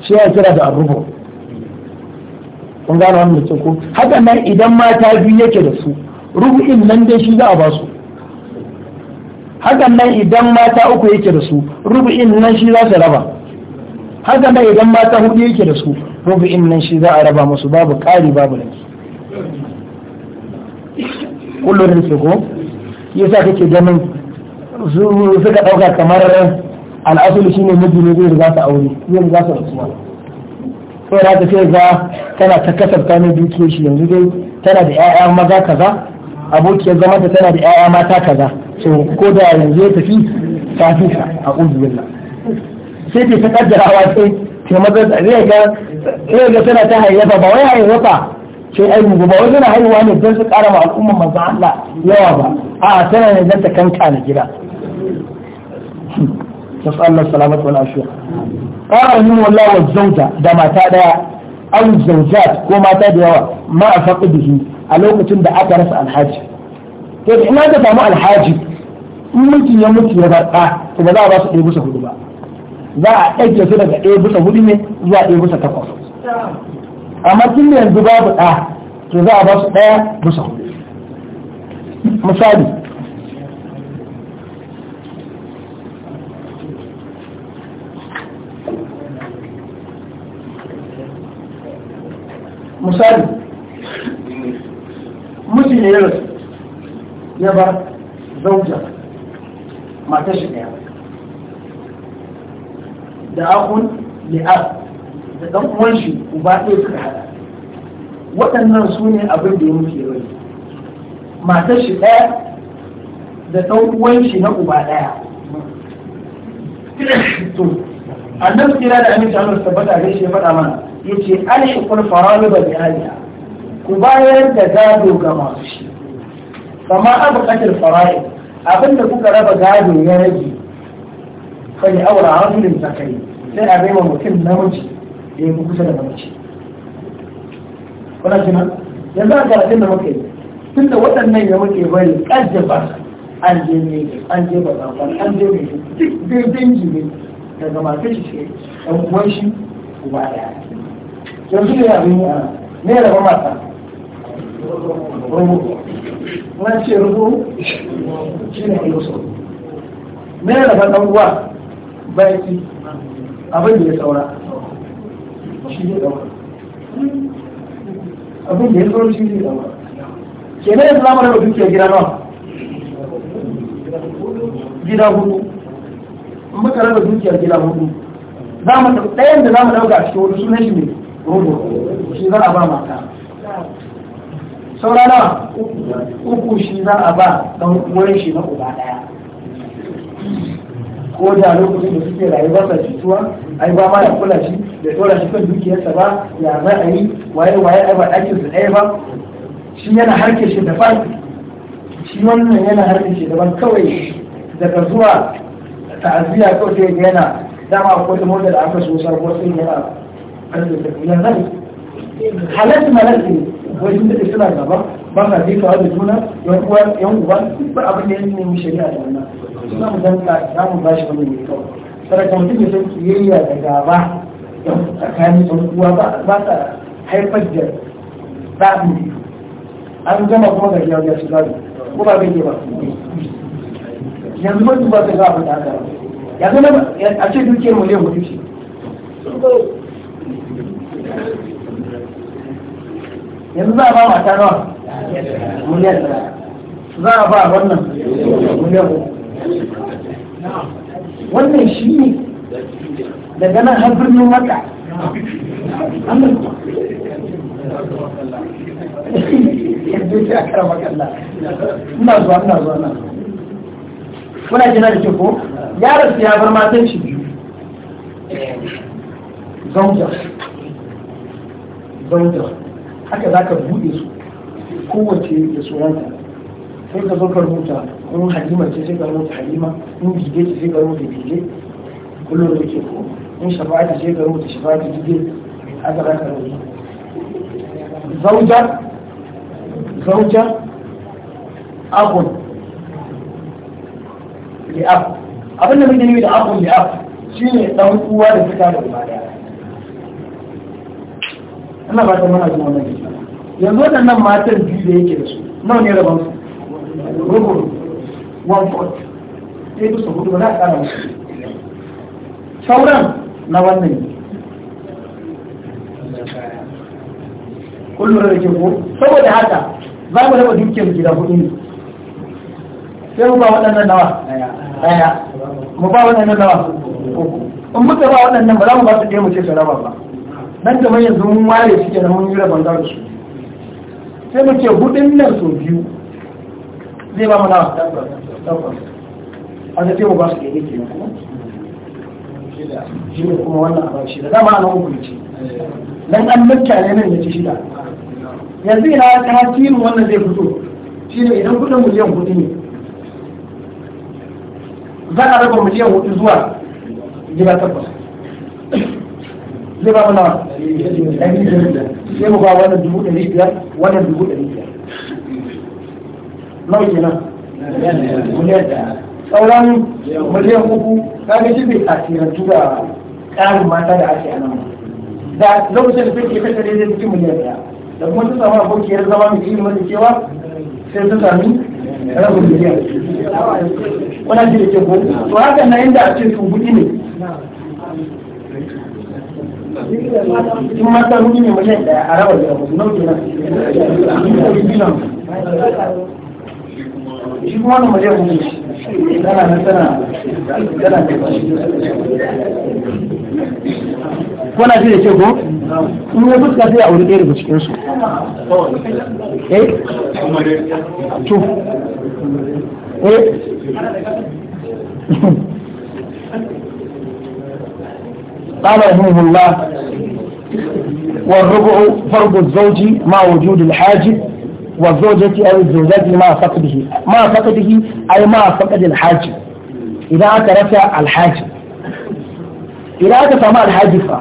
shi ya kira da arrubo kun gano wannan mutum ko hakan nan idan mata biyu yake da su rubu'in nan dai shi za a ba su hakan nan idan mata uku yake da su rubu'in nan shi za su raba hakan nan idan mata hudu yake da su rubu'in nan shi za a raba musu babu ƙari babu laifi kullum rufe ko yasa kake ganin suka ɗauka kamar al'asuli shine miji ne zai riga ta aure zai riga ta rasuwa sai da ta ce za tana ta kasarta ne dukiyar shi yanzu dai tana da 'ya'ya maza kaza abokiyar zama ta tana da ƴaƴa mata kaza so ko da yanzu ya tafi ta fi ka a uzbillah sai ta da rawa sai ta maza ta zai ga sai ga tana ta hayyafa ba wai hayyafa sai ai mu ba wai tana haihuwa ne don su ƙara ma al'umma manzo Allah yawa ba a tana ne don ta kanka na gida نسأل الله السلامة والعافية قال رحمه الله والزوجة ده ما تادا أو الزوجات كما تادا ما أفقده a lokacin da aka rasa alhaji to da ina ka samu alhaji in mutum ya mutu ya barka to ba za a ba su ɗaya bisa hudu ba za a ɗauke su daga ɗaya bisa hudu ne zuwa ɗaya bisa takwas amma tun da yanzu babu ɗa to za a ba su ɗaya bisa hudu misali misali miji ne ya rasu ya bar zauja matar shi ɗaya da akun li'ar da ɗan uwan shi uba ɗaya suka haɗa waɗannan su ne abin da ya muke rai matar shi ɗaya da ɗan uwan shi na uba ɗaya (coughs) to annabi kira da aminci Allah tabbata gaishe faɗa mana ya ce yace alhi kul faradu bi aliha ku bayar da gado ga masu shi kama abu katil fara'i abinda kuka raba gado ya rage fani aura a rajulin zakari sai a baiwa mutum namiji da ya kusa da namiji kuna jima yanzu a karatun da muke tun da waɗannan ya muke bari ƙarfe ba an je ne an je ba an je ne duk dai dangi ne daga masu shi ce ɗan uwan shi uba ɗaya yanzu ne abin yi a ne da ba mata wani ce rubu shi ne yusuf me ya ba ɗan uwa baki abin da ya saura shi ne ɗauka abin da ya saura shi ne ɗauka ke ne yanzu lamarin da dukiya gida nawa gida hudu muka raba dukiyar gida hudu za mu ɗayan da za mu ɗauka a cikin wani sunan shi ne rubu shi za a ba mata saurana uku shi za a ba don uwar shi na uba daya ko da lokacin da suke rayu ba sa cutuwa ai ba ma ya kula shi da dora shi kan dukiyarsa ba ya za a yi waye waye ai ba ɗakin su ɗaya ba shi yana harke shi da daban shi wannan yana harke shi daban kawai daga zuwa ta'aziyya kawai sai ga yana dama akwai da mota da aka so sabuwar sun yana arzikin zai halatta malatta wai sun daɗe suna gaba ba ka jefa wa da juna yan uwa yan uba duk ba abin da ya nemi shari'a da wannan suna mu danka za mu bashi wani mai kyau sarrafa mutum ya san kiyayya da gaba da tsakanin yan uwa ba ta haifar da ɗa'in an gama kuma ga yau ya shiga ko ba zai ba yanzu mutum ba ta gaba da haka yanzu a ce dukiyar miliyan hudu ce yanzu za a ba mata nawa miliyan za a ba wannan miliyan wannan shi ne daga nan har birnin maka yanzu ya kara makalla ina zuwa ina zuwa nan kuna jina da ko yaron ya bar matan shi biyu zaujar zaujar haka za ka buɗe su kowace da sunanta sai ka zo ka rubuta in halima ce sai ka rubuta halima in gide ce sai ka rubuta gide kullum da ke ko in shafa'ati sai ka rubuta shafa'ati gide haka za ka rubuta zauja zauja akun abinda mai da muke nufi da akun li'ab shine dan uwa da suka da uba ina ba ta mana zuwa wannan jiki yanzu waɗannan matan biyu da yake da su nawa ne rabon su rubu one fourth sai bisa hudu ba za a ƙara musu sauran na wannan ne kullum da ke ko saboda haka za mu raba dukiyar gida hudu ne sai mu ba waɗannan nawa ɗaya mu ba waɗannan nawa uku in muka ba waɗannan ba za mu ba su ɗaya mu ce su raba ba nan kamar yanzu mun ware suke na mun yi rabon da su sai mu ce hudun nan so biyu zai ba mu na takwas a da mu ba su ɗaya ke kuma shi ne kuma wannan abu shida dama ana hukunci nan an mutane nan ya ci shida yanzu ina tasirin wannan zai fito shi ne idan kudin miliyan kudi ne za a raba miliyan hudu zuwa gida takwas zai ba mu nawa ɗari biyar sai mu ba wannan dubu ɗari biyar wannan dubu ɗari biyar nawa kenan miliyan ɗaya sauran miliyan uku kaga shi bai tasirantu da ƙarin mata da ake anan da lokacin da take kashe daidai cikin miliyan ɗaya da kuma ta samu abokiyar zama mai ilimin da kewa sai ta sami rabin miliyan kuna ji da ke ko to haka na inda a ce tumbuɗi ne Kuma mata hudu ne miliyan daya a rawar da wasu nauke na shi kuma wani miliyan hudu tana nan tana tana kuna ji da ce ko in ya fuska sai a wuri ɗaya daga cikin su eh to eh قال رحمه الله والربع فرض الزوج مع وجود الحاجب والزوجة أو الزوجات مع فقده مع فقده أي مع فقد الحاجب إذا أكرت الحاجب إذا أكرت مع الحاجفة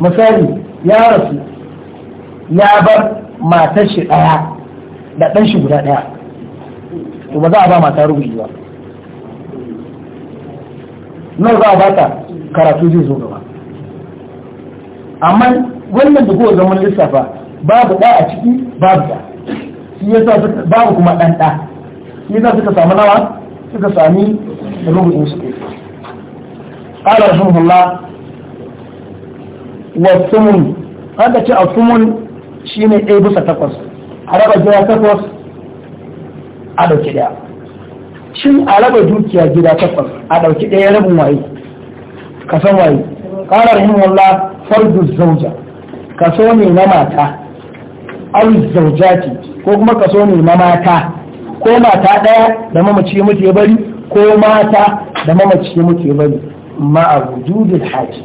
مثالي يا رسول يا بر ما تشي ɗaya da ɗan shi guda ɗaya to ba za a ba mata rubuci ba amma wannan da kowa zaman lissafa babu ɗa a ciki babu ɗa shi sa babu kuma ɗan ɗa shi sa suka samu nawa suka sami wa su an ce a والثمن shi ne ɗaya bisa takwas a raba gida takwas a ɗauki ɗaya, shin a raba dukiya gida takwas a ɗauki ɗaya rabin waye kasan waye qala rahimahullah fardu zauja kaso ne na mata aw zaujati ko kuma kaso ne na mata ko mata ɗaya da mamaci mutu bari ko mata da mamaci mutu ya bari ma'a wujudil haji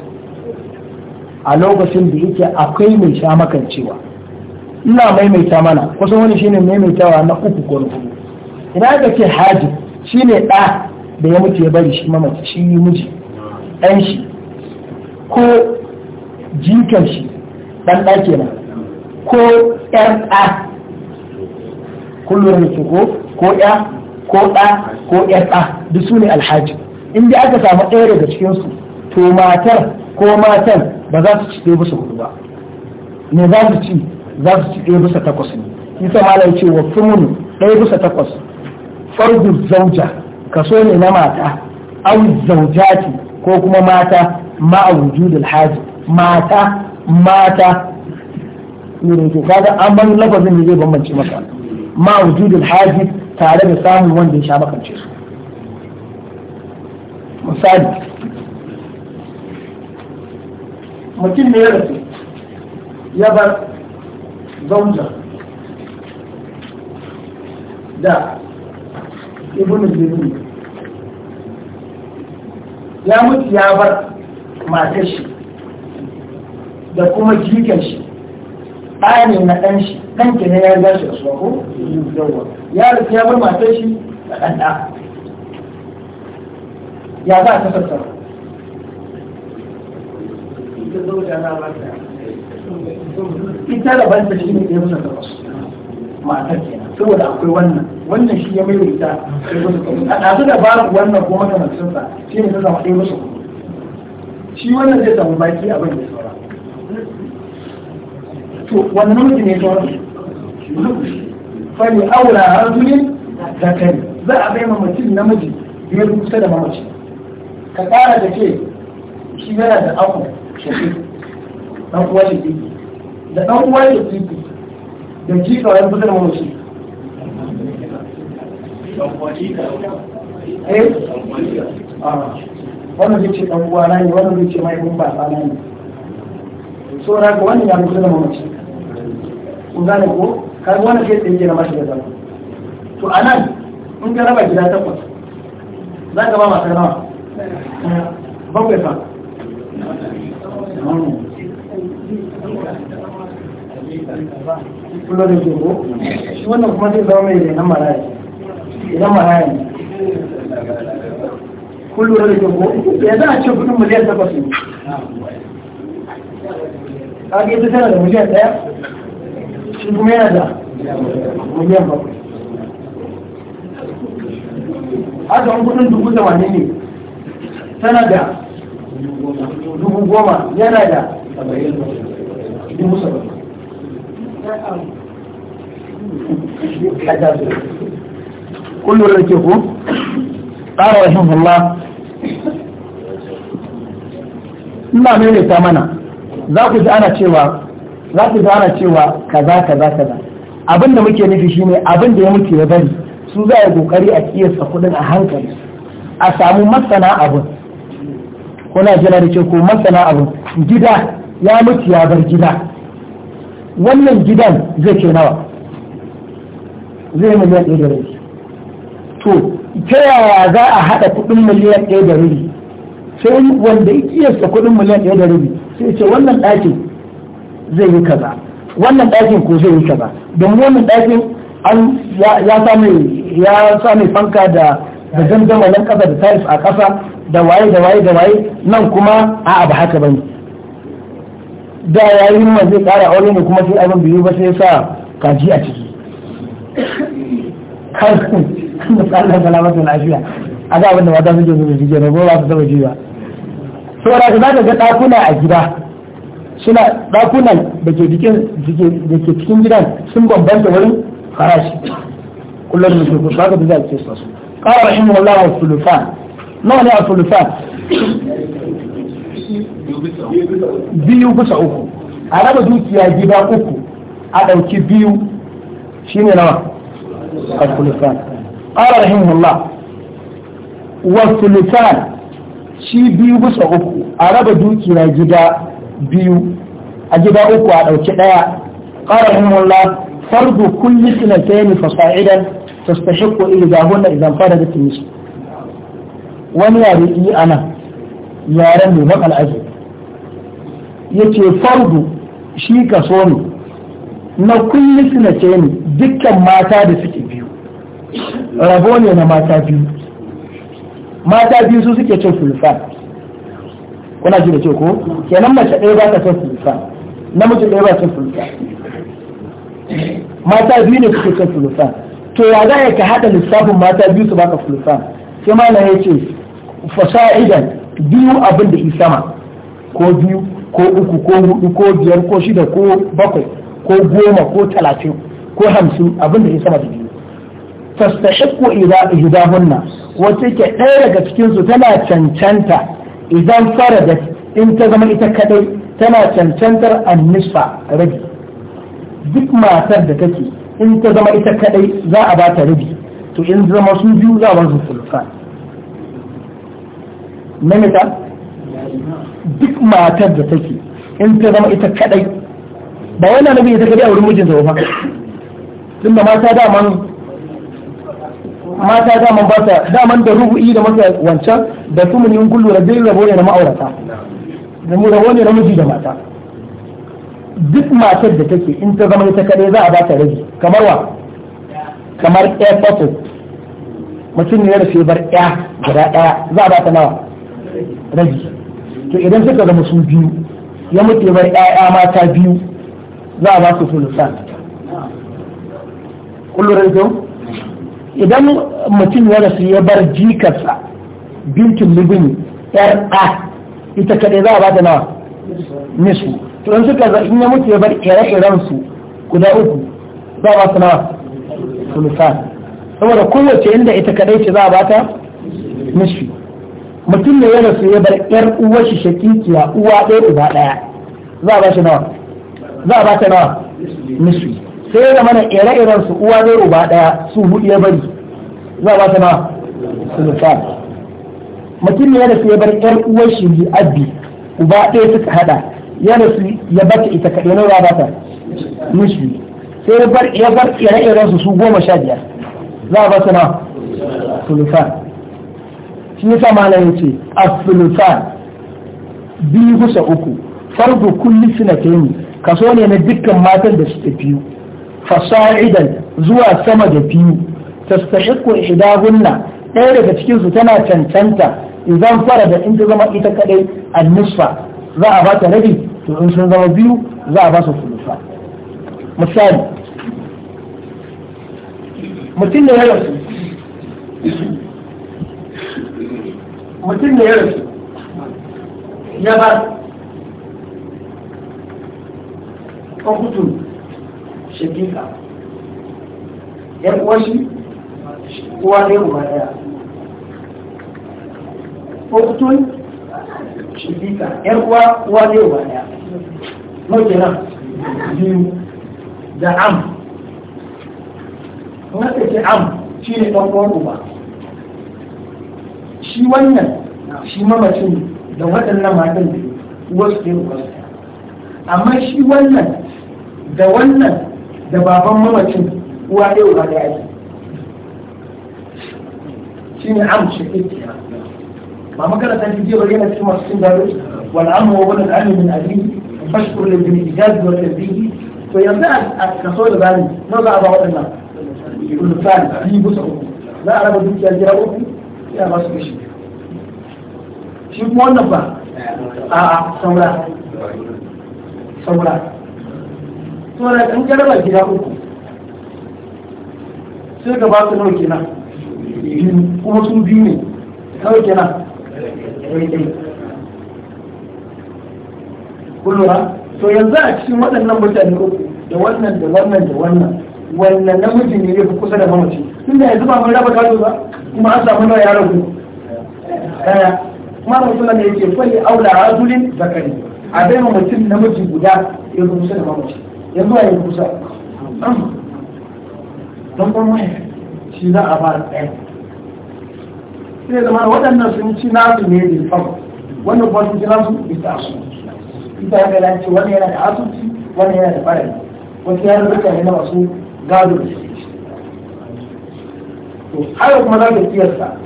a lokacin da yake akwai mai sha makancewa ina maimaita mana kusan wani shine maimaitawa na uku ko ina ga haji shine da da ya mutu ya bari shi mamaci miji ɗan shi ko jikin shi ɗan ɗaki na, ko ƴar ɗa kullum da ko ko ƴa ko ɗa ko duk su ne alhaji in dai aka samu ɗaya daga cikinsu to matar ko matan ba za su ci ɗaya bisa hudu ba ne za su ci za su ci ɗaya bisa takwas ne isa malam ce wa fumunu ɗaya bisa takwas fardu zauja kaso ne na mata au zaujati ko kuma mata ما وجود الحاجة مات مات يريد هذا أما لفظ من يجيب من شيء مثلا ما وجود الحاجة تعالى بسامي وان دي شابك الشيخ مثال مكين ميرس يبر زوجة دا ابن الزبون يا مت يا بر matar shi da kuma jikin shi ɗaya ne na ɗan shi ɗan ke ne ya ga shi da su ko ya rufe ya bar matar shi da ɗan ɗa ya za a kasarta ita da ban ta shi ne ya musa da wasu matar kenan saboda akwai wannan wannan shi ya mai wuta a ɗazu da babu wannan ko makamancinsa shi ne ta zama ɗaya musu shi wannan zai samu baki abin da saura to wannan mutum ne aura har zuri da kai. za a bai mamacin namiji da ya kusa da mamaci ka kara da ke shi yana da aku shafi dan uwa shafi da dan uwa shafi da jika wani kusa da mamaci eh ah. wannan zai ce ɗan uwana ne wannan zai ce mai mahaifin ba na ne so na haka wannan ya mutu da mamaci kun gane ko kaga wannan zai tsaye na mashi da zama to a nan in ka raba gida takwas za ka ba masu rama bakwai fa kula da jego shi wannan kuma zai zama mai renon maraya idan maraya ne kun lura da kyau ya za a ce kudin miliyan takwas ne a ga ita tana da miliyan shi kuma yana da miliyan bakwai haka kudin dubu tamanin ne tana da dubu goma yana da dubu kun lura da ko قال رحمه الله ina maimaita mana za ku ji ana cewa za ku ji كذا كذا kaza kaza kaza abin da muke nufi shine abin da ya muke ya bari su za a kokari a kiyasta kudin a hankali a samu masana abin kuna jira da ke ko masana abin gida ya mutu ya bar gida wannan gidan zai ke nawa zai miliyan ɗaya da rai to ta yaya za a haɗa kuɗin miliyan ɗaya da rubi sai wanda ya kiyasta kuɗin miliyan ɗaya da rubi sai ce wannan ɗakin zai yi kaza wannan ɗakin ko zai yi kaza domin wannan ɗakin an ya sami ya sami fanka da da zanzamalin ƙasa da tarif a ƙasa da waye da waye da waye nan kuma a'a ba haka bane da yayin ma zai ƙara aure ne kuma sai abin biyu ba sai sa kaji a ciki misalin na lafiya a ga abin da mata suke so su ji ne ba su saba ji ba saboda za ka ga ɗakuna a gida suna ɗakunan da ke cikin gidan sun bambanta wurin farashi kullum da shugaba ba ka da za a ce su ƙara rahimu Allah wa sulufan nawa ne a sulufan biyu bisa uku a raba dukiya gida uku a ɗauki biyu shine nawa a sulufan قال رحمه الله والثلثان shi biyu bisa uku a raba dukiya gida biyu a gida uku a ɗauki ɗaya ƙara himmullah fardu kulli sinatayn fasa'idan tastahiqqu iljahunna idan faradat nisfu wani yare iya ana yaren mai bakal azu yace fardu shi kaso ne na kulli sinatayn dukkan mata da suke rabo ne na mata biyu mata biyu su suke cin sulfan kuna ji da ce ko kenan mace ɗaya ba ta cin sulfan namiji ɗaya ba cin sulfan mata biyu ne suke cin sulfan to ya za ka haɗa lissafin mata biyu su baka sulfan sai ma na ya ce fasa'idan biyu abin da isama ko biyu ko uku ko hudu ko biyar ko shida ko bakwai ko goma ko talatin ko hamsin abin da isama da biyu fastahiqqu idza ihdahunna wace ke ɗaya daga cikin su tana cancanta idan faradat in ta zama ita kadai tana cancantar annisfa rabi duk matar da take in ta zama ita kadai za a ba ta rabi to in zama su biyu za a ba su sulfan namita duk matar da take in ta zama ita kadai ba wani nabi ita kadai a wurin mijinta ba tunda mata daman mata daman ba ta daman da rubu'i da masa wancan da su mun kullu da dai rabo ne na ma'aurata da mu rabo ne na miji da mata duk matar da take in ta zama ita kadai za a ba ta rabi kamar wa kamar ɗaya fato mutum ne da shebar bar ɗaya guda ɗaya za a ba ta nawa rabi to idan suka zama su biyu ya mutu bar ɗaya mata biyu za a ba su sulusan kullum rai idan mutum ya rasu ya bar jikarsa bintin libini yar a ita kaɗai za a ba da nawa nisu to in suka in ya mutu ya bar ire-iren su guda uku za a ba su nawa sulusan saboda kowace inda ita kaɗai ce za a ba ta nisu mutum ne ya rasu ya bar yar uwar shi shakikiya uwa ɗaya uba ɗaya za a ba shi nawa za a ba ta nawa nisu sai ya mana ire-iren su uwa zai ruba daya su hudu ya bari za ba ta ma sulfan mutum ne da su ya bar yar uwar shi bi abbi uba ɗaya suka hada ya da su ya bata ita kaɗai na ba ta mushi sai ya bar ya bar ire-iren su su goma sha biyar za ba ta ma sulfan shi ne sama na yace a sulfan biyu bisa uku farko kulli suna kaso ne na dukkan matan da suke biyu fasa'idan zuwa sama da biyu tastahiqu ihdahunna ɗaya daga cikin su tana cancanta idan fara da in ta zama ita kadai an-nisfa za a bata rabi to in sun zama biyu za a ba su sulusa misali mutum da ya rasu mutum da ya rasu ya ba ɗan shakika yan shi kuwa ne uba daya uktun shakika yan uwa kuwa ne uba daya nau kenan biyu da am kuma ta ce am shi ne ɗan uwan uba shi wannan shi mamacin da waɗannan matan biyu uwarsu ne uwarsu amma shi wannan da wannan da baban mamacin uwa ɗaya uba ɗaya ake shi ne am shaƙi ba magana ta jiya ba yana cikin masu cin gado wal amu wa wani al'amu min abin fashkur da bin ijazi wa tabbihi to yanzu a kaso da bani na za a ba waɗannan ulfan biyu bisa uku za a raba dukiya jira uku sai a ba su kashi shi kuma wannan ba a'a saura saura suna na ɗan jaraba gida uku sai ka ba su nawa kenan kuma sun biyu ne nawa kenan kullura to yanzu a cikin waɗannan mutane uku da wannan da wannan da wannan wannan namiji ne ya fi kusa da mamaci tun da yanzu ba mun raba gado ba kuma an samu nawa ya rabu daya kuma da mutum ne yake fali aula rajulin zakari a bai mutum namiji guda ya fi kusa da mamaci Yanzu zuwa ya kusa don kuma shi za a fara ɗaya sai zama waɗannan sun ci nasu ne da fam wannan kuma sun ci nasu ita su ita ya gada ce wani yana da asibiti wani yana da barin wasu yana zuka ne na masu gado da shi to haka kuma za ka kiyasta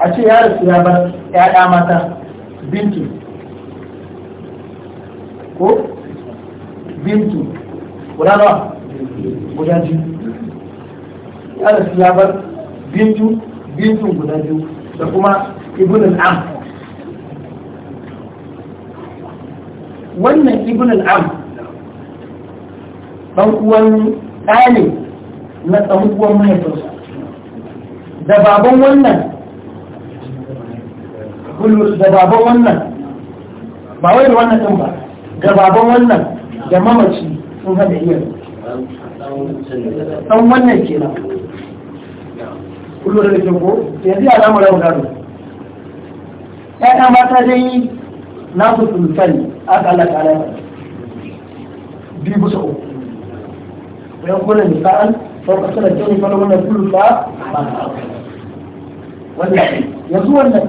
a ce ya rasu ya bar ƴaƴa mata bintu ko bintu guda nawa guda biyu ana su ya bar bintu Bintu guda biyu da kuma ibn al'am wannan ibn al'am ɗan uwan ɗane na ɗan uwan mahaifinsa da baban wannan da baban wannan ba wai da wannan ɗin ba da baban wannan da mamaci sun haɗa iya ɗan wannan kenan kullum da ko yanzu a gado mata dai na su a biyu uku kuna sau kasar da jini fara wannan kullum ba wanda yanzu wannan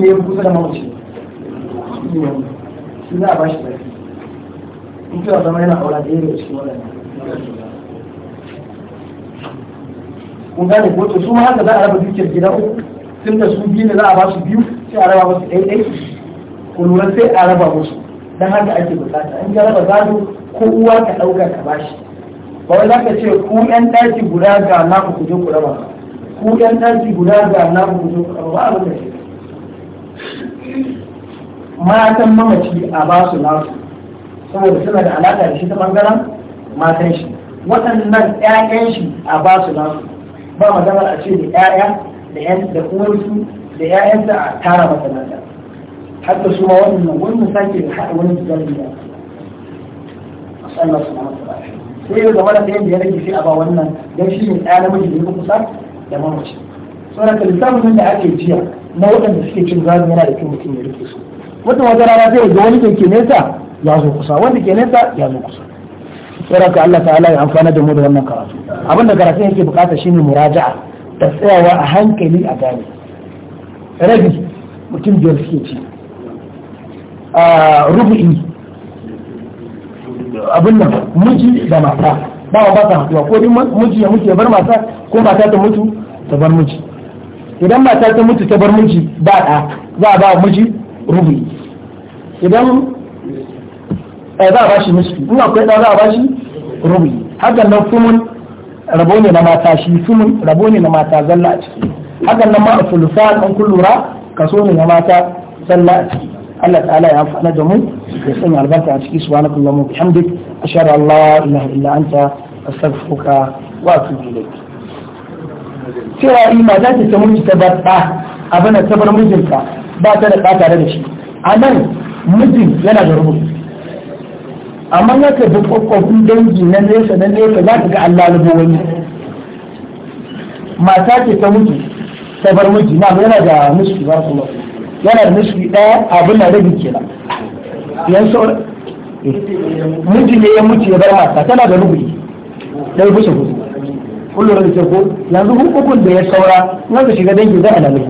ne ya kusa da mawuce shi ne shi a ba shi in kira zama yana aura da yadda cikin waɗannan kun gane ko to su ma haka za a raba dukiyar gida uku tun da su biyu ne za a ba su biyu sai a raba musu ɗaya ɗaya ku lura sai a raba musu dan haka ake bukata in ka raba gado ko uwa ka ɗauka ka bashi ba wai za ka ce ku ƴan ɗaki guda ga na ku je ku raba ku ƴan ɗaki guda ga na ku je ku raba ba abin da ke matan mamaci a ba su nasu saboda suna da alaƙa da shi ta ɓangaren matan shi waɗannan 'ya'yan shi a ba su nasu ba maganar a ce da 'ya'ya da 'yan da uwarsu da 'ya'yansa a tara Har da su ma wannan wannan sake da haɗa wani zalimi da Allah subhanahu wa ta'ala sai ya zama da ɗayan da ya rage sai a ba wannan don shi ne ɗaya namiji da kusa da mamaci saboda lissafin da ake jiya na waɗanda suke cin zazu yana da kyau mutum ya rike su wata wata rana zai ga wani da ke nesa ya zo kusa wanda ke nesa ya zo kusa saboda Allah ta'ala ya amfana da mu da wannan karatu abinda karatu yake bukata shine muraja'a da tsayawa a hankali a gane rabi mutum biyar suke ci a rubu'i abin nan miji da mata ba wa ba ta haɗuwa ko miji ya mutu ya bar mata ko mata ta mutu ta bar miji idan mata ta mutu ta bar miji ba ɗa za a ba miji rubu'i idan Eh, za a ba bashi miski in akwai ɗa za a ba shi rubi hakan nan fumun rabo ne na mata shi fumun rabo ne na mata zalla a ciki hakan nan ma a sulusa an kun lura kaso ne na mata zalla a ciki Allah ta'ala ya faɗa da mu ya sanya albarka a ciki subhanakallahu wa bihamdik ashhadu an la ilaha illa anta astaghfiruka wa atubu ilayk cewa ima za ta ta miji ta bar ɗa abin da ta bar mijinta ba ta da ɗa tare da shi a nan mijin yana da rubutu amma ya ka bi kwakwafin dangi na nesa na nesa za ka ga Allah lubu wani mata ce ta mutu ta bar miji na yana da mushi ba su yana da mushi ɗaya abin na rabin kenan yan so eh, miji ne ya mutu ya bar mata tana da rubuci ɗaya bisa hudu kullum da ke ko yanzu hukukun da ya saura na ka shiga dangi za a lalai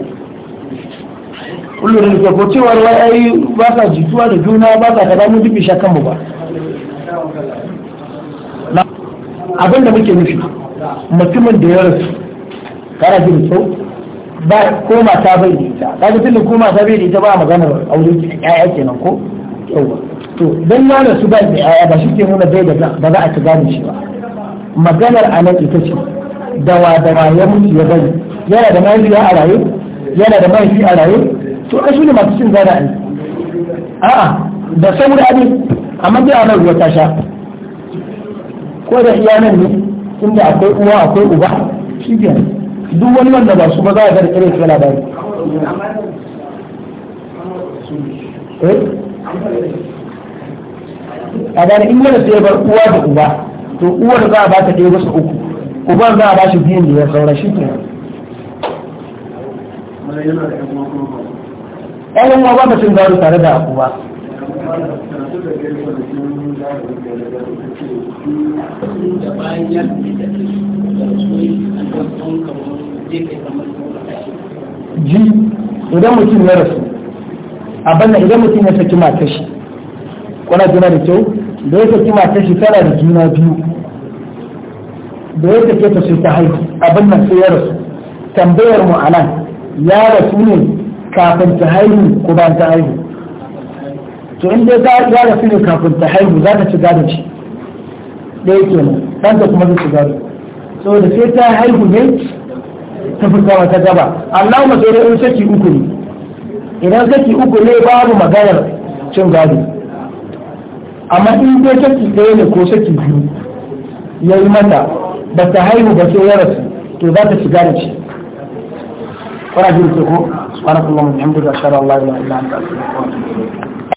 kullum da ke ko cewar wai ai ba sa jituwa da juna ba sa kada mun dubi shakan mu ba abin da muke nufi mutumin da ya rasu kara jin sau ba ko mata bai da ita kaga tunda ko mata bai da ita ba maganar aure ƴaƴa kenan ko yawa to dan ya rasu ba da ƴaƴa ba shi ke nuna bai da ba za a ci gane shi ba maganar anan ita ce wa da ya mutu ya bari yana da mai a raye yana da mahaifi a raye to a shi ne masu cin gada ne a'a da saboda abin amma dai ana ruwa ta sha ko da iya nan ne inda akwai uwa akwai uba shi duk wani wanda ba su ba za a ga da irin kana bari eh? a gane in yana sai bar uwa da uba to uwar za a ba ta ɗaya wasu uku uban za a ba shi biyun da ya saura shi ke ɗan uwa ba mutum zaru tare da uba ji idan mutum ya rasu abin da idan mutum ya saki matashi kuna juna da kyau da ya saki matashi tana da juna biyu da ya saki ta sai ta haihu abin nan sai ya rasu tambayar mu anan ya rasu ne kafin ta haihu ko bayan ta haihu to in dai za a gyara su ne kafin ta haihu za ta ci gado shi ɗaya kenan ɗan ta kuma zai ci gado saboda sai ta haihu ne ta kama ta gaba Allah ma zai in saki uku ne idan saki uku ne babu maganar cin gado amma in dai saki ɗaya ne ko saki biyu ya yi mata ba ta haihu ba sai ya rasu to za ta ci gado ce. ko wa ilaha